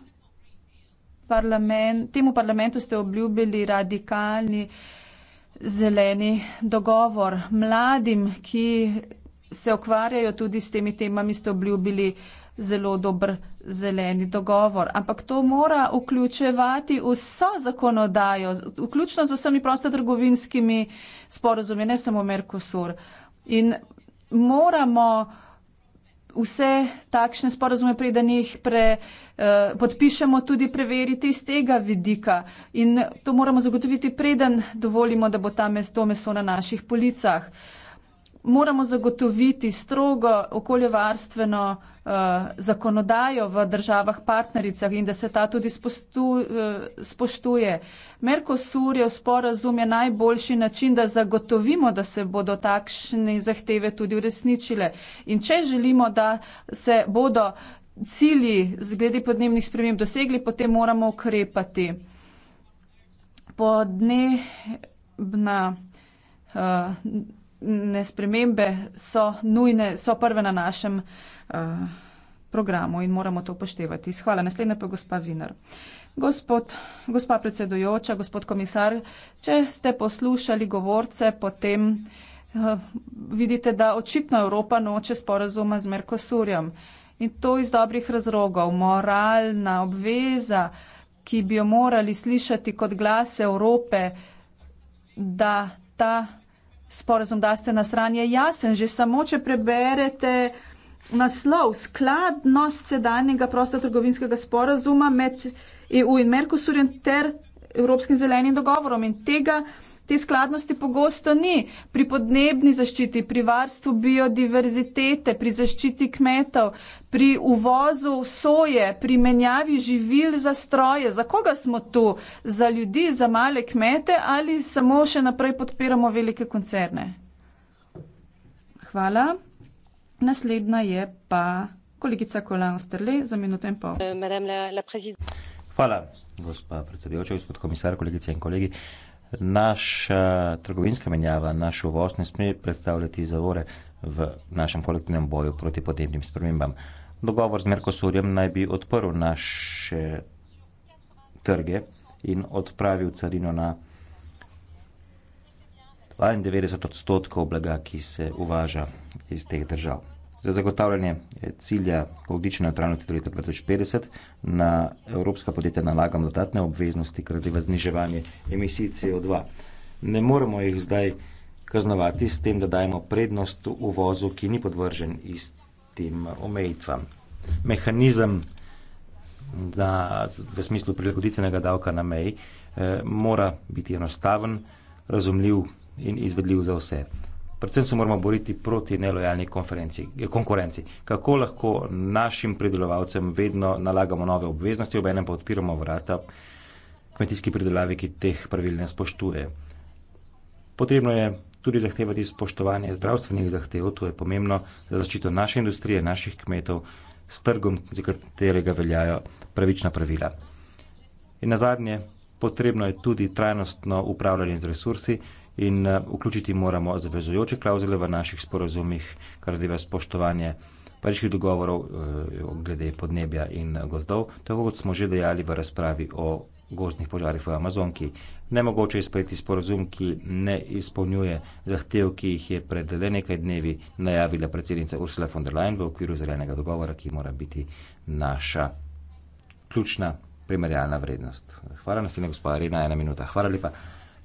Speaker 3: parlament, temu parlamentu ste obljubili radikalni zeleni dogovor. Mladim, ki se okvarjajo tudi s temi temami, ste obljubili zelo dober zeleni dogovor. Ampak to mora vključevati vso zakonodajo, vključno z vsemi prostotrgovinskimi sporozumi, ne samo Merkosur. In moramo vse takšne sporozume, preden jih pre, eh, podpišemo, tudi preveriti iz tega vidika. In to moramo zagotoviti, preden dovolimo, da bo ta mesto meso na naših policah. Eh, moramo zagotoviti strogo okoljevarstveno uh, zakonodajo v državah partnericah in da se ta tudi spostu, uh, spoštuje. Merkosurjev sporazum je najboljši način, da zagotovimo, da se bodo takšne zahteve tudi uresničile. In če želimo, da se bodo cilji z glede podnebnih sprememb dosegli, potem moramo ukrepati. Podnebna uh, ne spremembe so nujne, so prve na našem eh, programu in moramo to upoštevati. Hvala. Naslednja pa je gospa Vinar. Gospod, gospa predsedujoča, gospod komisar, če ste poslušali govorce, potem eh, vidite, da očitno Evropa noče sporazuma z Merkosurjem. In to iz dobrih razlogov. Moralna obveza, ki bi jo morali slišati kot glas Evrope, da ta sporazum daste na stran je jasen, že samo če preberete naslov skladnost sedanjega prostotrgovinskega sporazuma med EU in Merkosurjem ter Evropskim zelenim dogovorom in tega Te skladnosti pogosto ni pri podnebni zaščiti, pri varstvu biodiverzitete, pri zaščiti kmetov, pri uvozu soje, pri menjavi živil za stroje. Za koga smo tu? Za ljudi, za male kmete ali samo še naprej podpiramo velike koncerne? Hvala. Naslednja je pa kolegica Kolano Strle za minuto in pol.
Speaker 2: Hvala, gospa predsedujoča, gospod komisar, kolegice in kolegi naša eh, trgovinska menjava, naš uvoz ne sme predstavljati zavore v našem kolektivnem boju proti podnebnim spremembam. Dogovor z Merkosurjem naj bi odprl naše trge in odpravil carino na 92 odstotkov blaga, ki se uvaža iz teh držav za zagotavljanje eh, cilja ogljične neutralnosti do leta 2050 na evropska podjetja nalagamo dodatne obveznosti, kar zadeva zniževanje emisij CO2. Ne moremo jih zdaj kaznovati s tem, da dajemo prednost uvozu, ki ni podvržen istim omejitvam. Mehanizem za, v smislu prilagoditvenega davka na meji eh, mora biti enostaven, razumljiv in izvedljiv za vse predvsem se moramo boriti proti nelojalni konkurenci. Kako lahko našim pridelovalcem vedno nalagamo nove obveznosti, obenem pa odpiramo vrata kmetijski pridelavi, ki teh pravil ne spoštuje. Potrebno je tudi zahtevati spoštovanje zdravstvenih zahtev, to je pomembno za zaščito naše industrije, naših kmetov s trgom, za katerega veljajo pravična pravila. In na zadnje, potrebno je tudi trajnostno upravljanje z resursi in eh, vključiti moramo zavezujoče klauzule v naših sporozumih, kar zadeva spoštovanje pariških dogovorov eh, glede podnebja in eh, gozdov, tako kot smo že dejali v razpravi o gozdnih požarih v Amazonki. Nemogoče je sprejeti sporozum, ki ne izpolnjuje zahtev, ki jih je pred le nekaj dnevi najavila predsednica Ursula von der Leyen v okviru zelenega dogovora, ki mora biti naša ključna primerjalna vrednost. Hvala, naslednja gospoda Rina, ena minuta. Hvala lepa.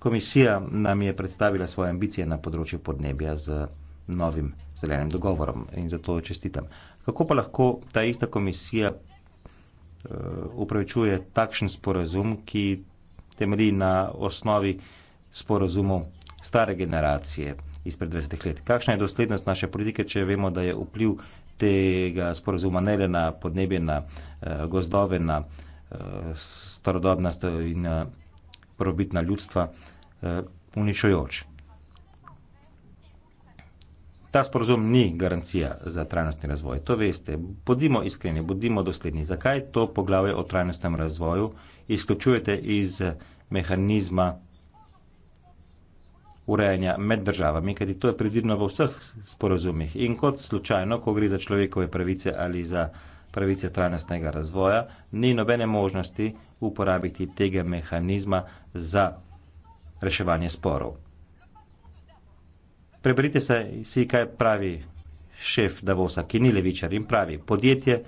Speaker 2: Komisija nam je predstavila svoje ambicije na področju podnebja z novim zelenim dogovorom in zato čestitam. Kako pa lahko ta ista komisija uh, upravičuje takšen sporazum, ki temelji na osnovi sporazumov stare generacije izpred 20 let? Kakšna je doslednost naše politike, če vemo, da je vpliv tega sporazuma ne le na podnebje, na uh, gozdove, na uh, starodobnost in na. Uh, prvobitna ljudstva eh, uničujoč. Ta sporozum ni garancija za trajnostni razvoj. To veste. Bodimo iskreni, bodimo dosledni. Zakaj to poglavje o trajnostnem razvoju izključujete iz mehanizma urejanja med državami, kajti to je predvidno v vseh sporozumih. In kot slučajno, ko gre za človekove pravice ali za pravice trajnostnega razvoja, ni nobene možnosti uporabiti tega mehanizma za reševanje sporov. Preberite se, si, kaj pravi šef Davosa, ki ni levičar in pravi, podjetje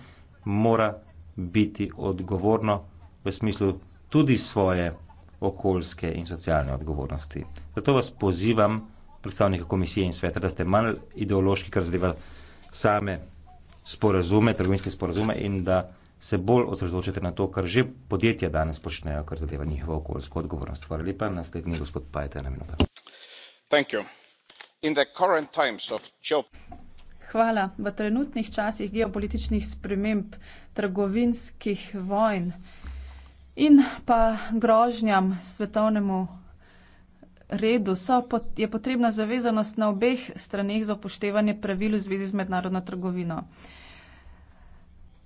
Speaker 2: mora biti odgovorno v smislu tudi svoje okoljske in socialne odgovornosti. Zato vas pozivam, predstavnika komisije in sveta, da ste manj ideološki, kar zadeva same sporazume, trgovinske sporazume in da se bolj osredotočite na to, kar že podjetja danes počnejo, kar zadeva njihovo okoljsko odgovornost. Hvala lepa. Naslednji gospod Pajta, ena minuta.
Speaker 3: Hvala. V trenutnih časih geopolitičnih sprememb, trgovinskih vojn in pa grožnjam svetovnemu redu so, je potrebna zavezanost na obeh straneh za upoštevanje pravil v zvezi z mednarodno trgovino.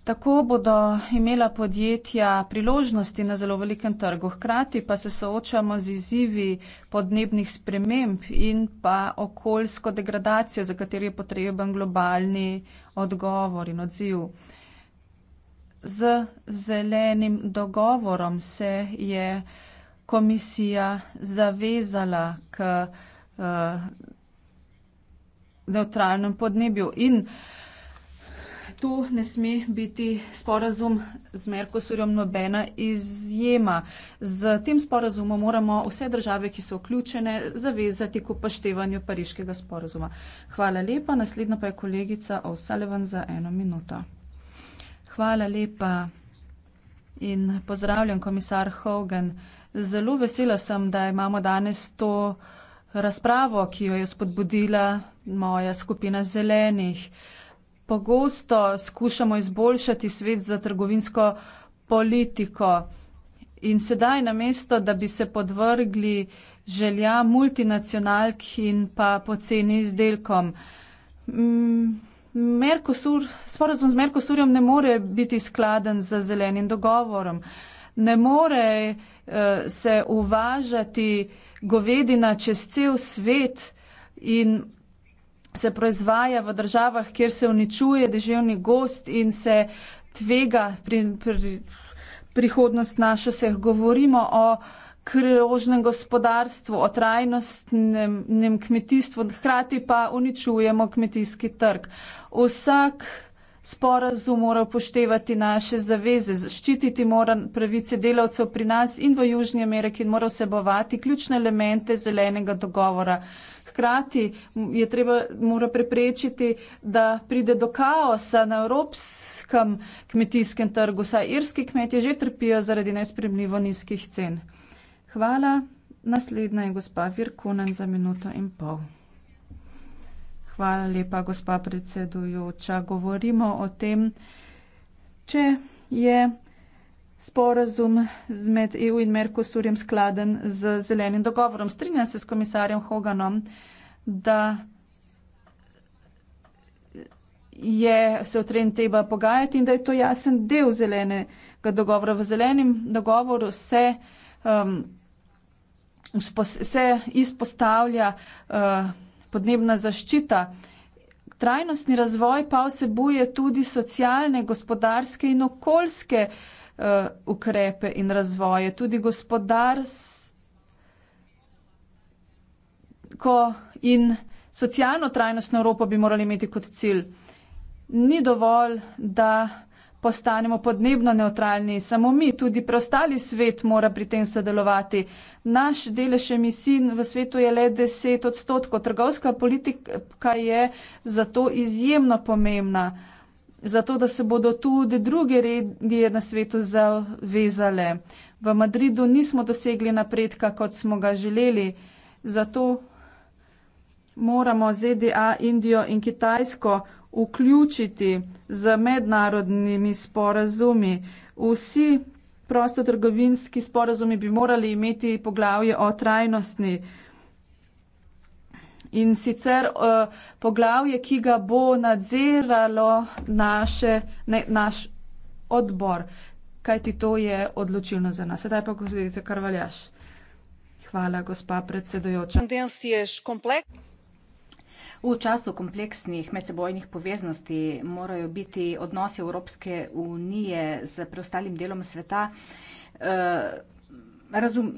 Speaker 3: Tako bodo imela podjetja priložnosti na zelo velikem trgu, hkrati pa se soočamo z izzivi podnebnih sprememb in pa okoljsko degradacijo, za katero je potreben globalni odgovor in odziv. Z zelenim dogovorom se je komisija zavezala k uh, eh, neutralnem podnebju in uh, tu ne sme biti sporazum z Merkosurjem nobena izjema. Z tem sporazumom moramo vse države, ki so vključene, zavezati k upoštevanju pariškega sporazuma. Hvala lepa. Naslednja pa je kolegica O'Sullivan za eno minuto. Hvala lepa in pozdravljen, komisar Hogan. Zelo vesela sem, da imamo danes to razpravo, ki jo je spodbudila moja skupina zelenih pogosto skušamo izboljšati svet za trgovinsko politiko. In sedaj namesto, da bi se podvrgli želja multinacionalk in pa poceni izdelkom. Mm, Merkosur, sporazum z Merkosurjem ne more biti skladen z zelenim dogovorom. Ne more eh, se uvažati govedina čez cel svet in se proizvaja v državah, kjer se uničuje deževni gost in se tvega pri, pri prihodnost naše vseh. Govorimo o krožnem gospodarstvu, o trajnostnem kmetijstvu, hkrati pa uničujemo kmetijski trg. Vsak sporazum mora upoštevati naše zaveze, zaščititi mora pravice delavcev pri nas in v Južni Ameriki in mora vsebovati ključne elemente zelenega dogovora. Hkrati je treba, mora preprečiti, da pride do kaosa na evropskem kmetijskem trgu, saj irski kmetje že trpijo zaradi nespremljivo nizkih cen. Hvala. Naslednja je gospa Virkonen za minuto in pol. Hvala lepa, gospa predsedujoča. Govorimo o tem, če je sporazum med EU in Merkosurjem skladen z zelenim dogovorom. Strinjam se s komisarjem Hoganom, da je se v trend treba pogajati in da je to jasen del zelenega dogovora. V zelenem dogovoru se, um, se izpostavlja uh, podnebna zaščita. Trajnostni razvoj pa vsebuje tudi socialne, gospodarske in okoljske uh, ukrepe in razvoje. Tudi gospodarsko in socialno trajnostno Evropo bi morali imeti kot cilj. Ni dovolj, da postanemo podnebno neutralni, samo mi, tudi preostali svet mora pri tem sodelovati. Naš delež emisij v svetu je le 10 odstotkov. Trgovska politika je zato izjemno pomembna, zato da se bodo tudi druge regije na svetu zavezale. V Madridu nismo dosegli napredka, kot smo ga želeli, zato moramo ZDA, Indijo in Kitajsko vključiti z mednarodnimi sporazumi. Vsi prostotrgovinski sporazumi bi morali imeti poglavje o trajnostni in sicer uh, poglavje, ki ga bo nadziralo naše, ne, naš odbor, kajti to je odločilno za nas. Sedaj pa gospodice
Speaker 1: Karvaljaš. Hvala, gospa predsedojoča. Kompleks... V času kompleksnih medsebojnih povezanosti morajo biti odnosi Evropske unije z preostalim delom sveta eh, razum,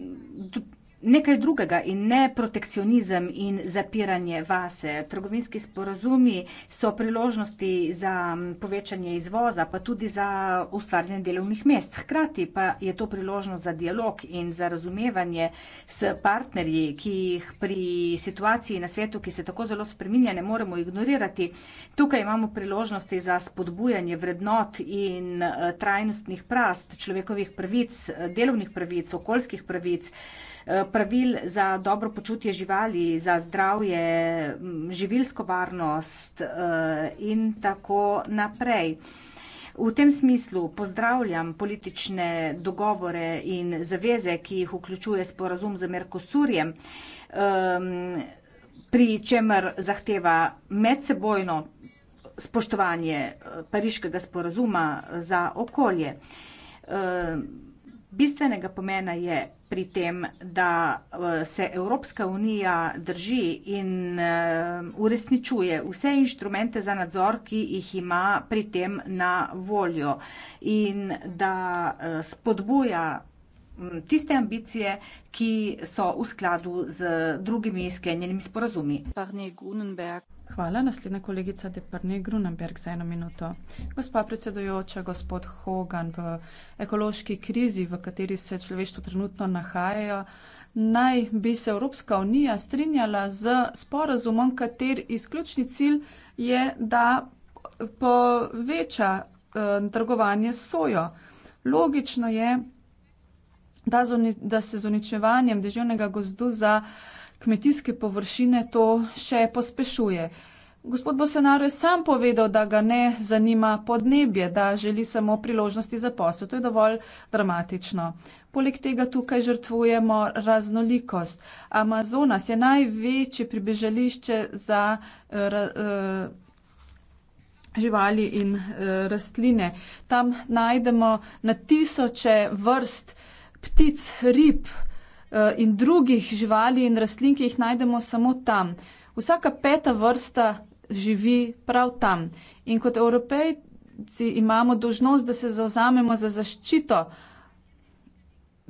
Speaker 1: nekaj drugega in ne protekcionizem in zapiranje vase. Trgovinski sporozumi so priložnosti za povečanje izvoza, pa tudi za ustvarjanje delovnih mest. Hkrati pa je to priložnost za dialog in za razumevanje s partnerji, ki jih pri situaciji na svetu, ki se tako zelo spreminja, ne moremo ignorirati. Tukaj imamo priložnosti za spodbujanje vrednot in e, trajnostnih prast, človekovih pravic, e, delovnih pravic, okoljskih pravic. Eh, pravil za dobro počutje živali, za zdravje, mm, živilsko varnost, eh, in tako naprej. V tem smislu pozdravljam politične dogovore in zaveze, ki jih vključuje sporazum z Merkosurjem, ehm, pri čemer zahteva medsebojno spoštovanje eh, pariškega sporazuma za okolje. Ehm, bistvenega pomena je pri tem, da eh, se Evropska unija drži in eh, uresničuje vse inštrumente za nadzor, ki jih ima pri tem na voljo in da eh, spodbuja tiste ambicije, ki so v skladu z drugimi sklenjenimi sporazumi.
Speaker 3: Hvala. Naslednja kolegica Deprni Grunenberg za eno minuto. Gospa predsedojoča, gospod Hogan, v ekološki krizi, v kateri se človeštvo trenutno nahajajo, naj bi se Evropska unija strinjala z sporazumom, kater izključni cilj je, da poveča eh, trgovanje sojo. Logično je, da, zoni, da se z uničevanjem deževnega gozdu za kmetijske površine to še pospešuje. Gospod Bosenaro je sam povedal, da ga ne zanima podnebje, da želi samo priložnosti za posel. To je dovolj dramatično. Poleg tega tukaj žrtvujemo raznolikost. Amazonas je največje pribežališče za uh, uh, živali in uh, rastline. Tam najdemo na tisoče vrst ptic, rib, uh, Eh, in drugih živali in rastlin, ki jih najdemo samo tam. Vsaka peta vrsta živi prav tam. In kot evropejci imamo dožnost, da se zauzamemo za zaščito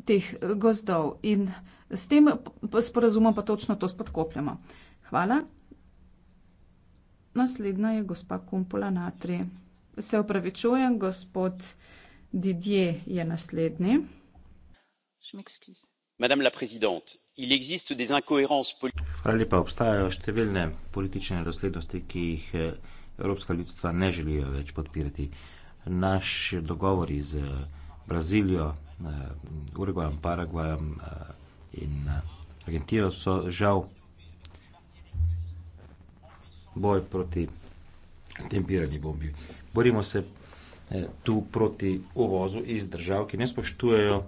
Speaker 3: teh eh, gozdov in s tem sporazumom pa točno to spodkopljamo. Hvala. Naslednja je gospa Kumpula Natri. Se opravičujem, gospod Didje je naslednji. Je m'excuse madame la présidente il existe des incohérences politiques.
Speaker 2: Eh, Naš dogovor z eh, Brazilijo, eh, Urugvajem, Paragvajem in Argentino so žal boj proti tempirani bombi. Borimo se tu proti uvozu iz držav, ki ne spoštujejo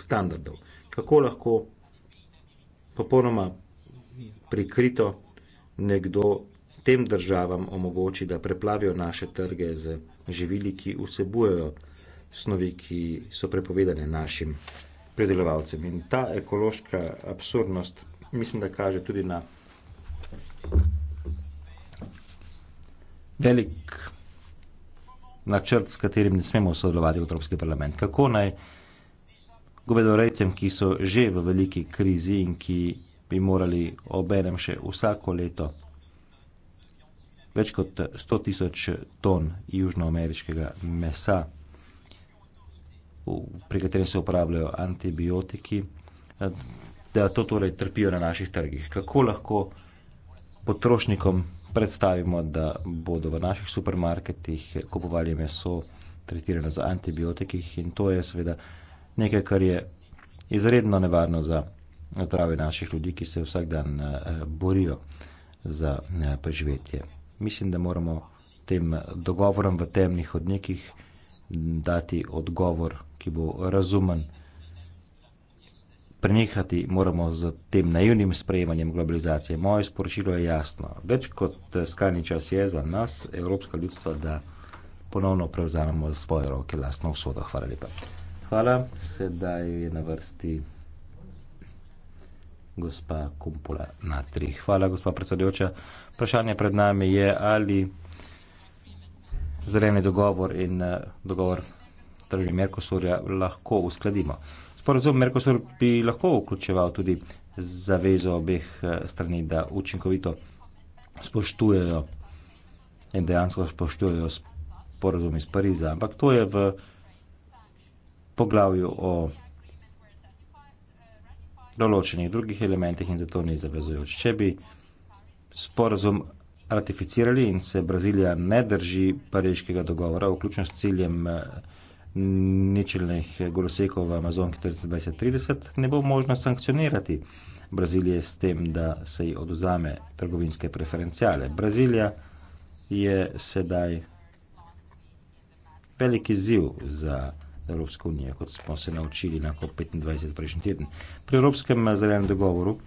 Speaker 2: standardov. Kako lahko popolnoma prikrito nekdo tem državam omogoči, da preplavijo naše trge z živili, ki vsebujejo snovi, ki so prepovedane našim predelovalcem. In ta ekološka absurdnost mislim, da kaže tudi na velik načrt, s katerim ne smemo sodelovati v Evropski parlament. Kako naj govedorejcem ki so že v veliki krizi in ki bi morali obenem še vsako leto več kot 100.000 ton južnoameriškega mesa pri katerem se uporabljajo antibiotiki da to torej trpijo na naših trgih kako lahko potrošnikom predstavimo da bodo v naših supermarketih kupovali meso tretirano z antibiotiki in to je seveda nekaj, kar je izredno nevarno za zdravje naših ljudi, ki se vsak dan eh, borijo za eh, preživetje. Mislim, da moramo tem dogovorom v temnih odnikih dati odgovor, ki bo razumen. Prenehati moramo z tem naivnim sprejemanjem globalizacije. Moje sporočilo je jasno. Več kot eh, skrajni čas je za nas, evropska ljudstva, da ponovno prevzamemo svoje roke, lastno usodo. Hvala lepa. Hvala. Sedaj je na vrsti gospa Kumpula Natri. Hvala, gospa predsedujoča. Vprašanje pred nami je, ali zeleni dogovor in eh, dogovor trženje Merkosurja lahko uskladimo. Sporozum Merkosur bi lahko vključeval tudi zavezo obeh eh, strani, da učinkovito spoštujejo in dejansko spoštujejo sporozum iz Pariza, ampak to je v poglavju o določenih drugih elementih in zato ni zavezujoč. Če bi sporazum ratificirali in se Brazilija ne drži pariškega dogovora, vključno s ciljem eh, ničelnih golosekov v Amazonki 2030, ne bo možno sankcionirati Brazilije s tem, da se ji oduzame trgovinske preferencijale. Brazilija je sedaj velik izziv za Brazilijo. Evropske unije, kot smo se naučili na COP25 prejšnji teden. Pri Evropskem zelenem dogovoru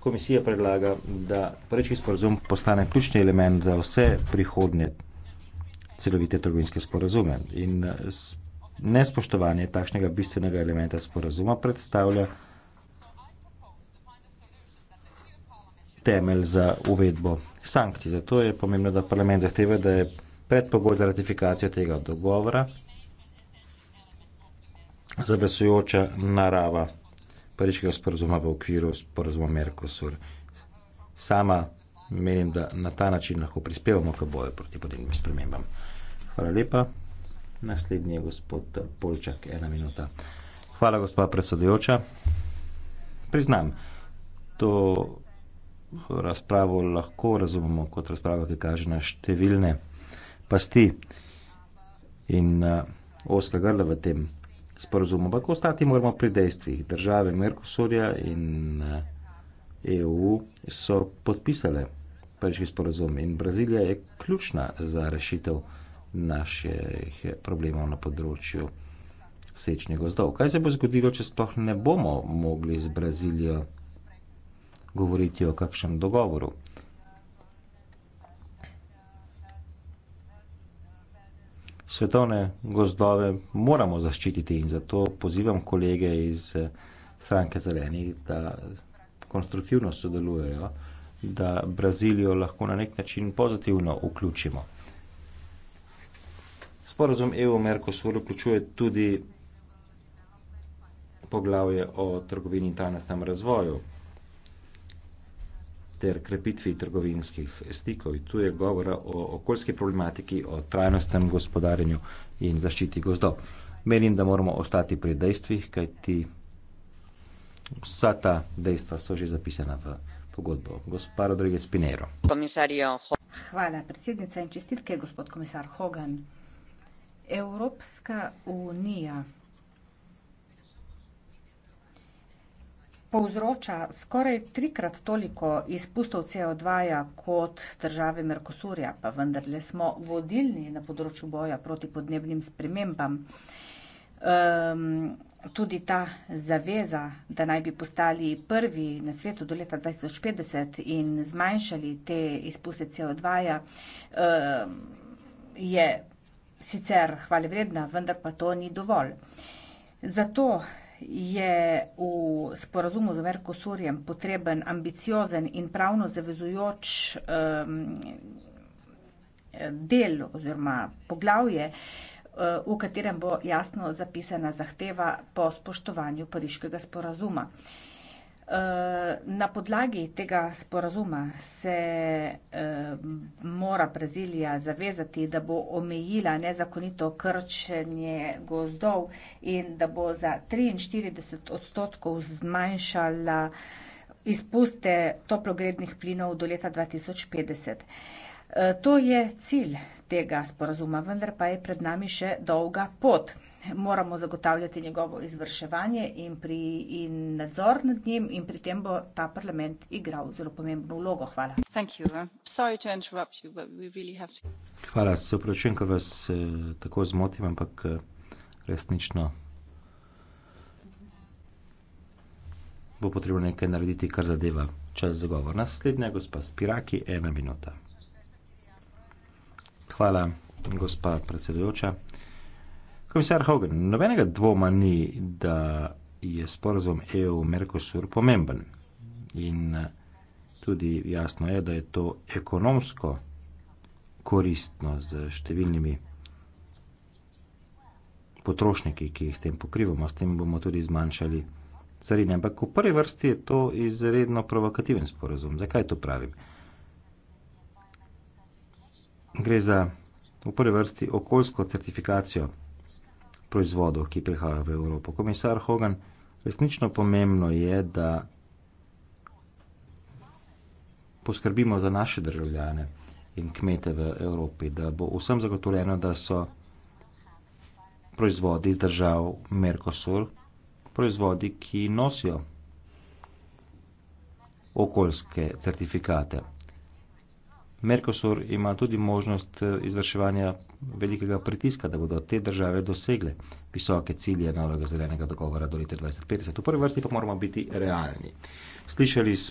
Speaker 2: komisija predlaga, da prejšnji sporazum postane ključni element za vse prihodnje celovite trgovinske sporazume. In nespoštovanje takšnega bistvenega elementa sporazuma predstavlja temelj za uvedbo sankcij. Zato je pomembno, da parlament zahteva, da je predpogoj za ratifikacijo tega dogovora zavesujoča narava pariškega sporozuma v okviru sporozuma Mercosur. Sama menim, da na ta način lahko prispevamo k boju proti podnebnim spremembam. Hvala lepa. Naslednji je gospod Polčak, ena minuta. Hvala, gospod predsedujoča. Priznam, to razpravo lahko razumemo kot razpravo, ki kaže na številne pasti in uh, oska grla v tem sporozum. Ampak ostati moramo pri dejstvih. Države Merkosurja in EU eh, e so podpisale prejšnji sporozum in Brazilija je ključna za rešitev naših problemov na področju sečnih gozdov. Kaj se bo zgodilo, če sploh ne bomo mogli z Brazilijo govoriti o kakšnem dogovoru? svetovne gozdove moramo zaščititi in zato pozivam kolege iz eh, stranke zelenih, da konstruktivno sodelujejo, da Brazilijo lahko na nek način pozitivno vključimo. Sporazum EU-Mercosur vključuje tudi poglavje o trgovini in trajnostnem razvoju ter krepitvi trgovinskih stikov. Tu je govora o okoljski problematiki, o trajnostnem gospodarjenju in zaščiti gozdov. Menim, da moramo ostati pri dejstvih, kajti vsa ta dejstva so že zapisana v pogodbo. Gospa Rodriguez Pinero.
Speaker 1: Hvala, predsednica in čestitke, gospod komisar Hogan. Evropska unija povzroča skoraj trikrat toliko izpustov CO2 -ja kot države Merkosurja, pa vendarle smo vodilni na področju boja proti podnebnim spremembam. Um, tudi ta zaveza, da naj bi postali prvi na svetu do leta 2050 in zmanjšali te izpuste CO2, -ja, um, je sicer hvale vredna, vendar pa to ni dovolj. Zato je v sporazumu z Merkosurjem potreben ambiciozen in pravno zavezujoč um, del oziroma poglavje, eh, v katerem bo jasno zapisana zahteva po spoštovanju pariškega sporazuma. Uh, Eh, na podlagi tega sporazuma se eh, mora Brazilija zavezati, da bo omejila nezakonito krčenje gozdov in da bo za 43 odstotkov zmanjšala izpuste toplogrednih plinov do leta 2050. Eh, to je cilj tega sporazuma, vendar pa je pred nami še dolga pot moramo zagotavljati njegovo izvrševanje in pri, in nadzor nad njim in pri tem bo ta parlament igral zelo pomembno vlogo. Hvala.
Speaker 2: Hvala, se opravičujem, ko vas eh, tako zmotim, ampak eh, resnično bo potrebno nekaj narediti, kar zadeva čas za govor. Naslednja gospa Spiraki, ena minuta. Hvala, gospa predsedujoča. Komisar Hogan, nobenega dvoma ni, da je sporozum EU-Mercosur pomemben. In eh, tudi jasno je, da je to ekonomsko koristno z številnimi potrošniki, ki jih tem pokrivamo, s tem bomo tudi zmanjšali carine. Ampak v prvi vrsti je to izredno provokativen sporozum. Zakaj to pravim? Gre za v prvi vrsti okoljsko certifikacijo proizvodov, ki prihajajo v Evropo. Komisar Hogan, resnično pomembno je, da poskrbimo za naše državljane in kmete v Evropi, da bo vsem zagotovljeno, da so proizvodi iz držav Mercosur proizvodi, ki nosijo okoljske certifikate. Mercosur ima tudi možnost eh, izvrševanja velikega pritiska, da bodo te države dosegle visoke cilje novega zelenega dogovora do leta 2050. V prvi vrsti pa moramo biti realni. Slišali smo,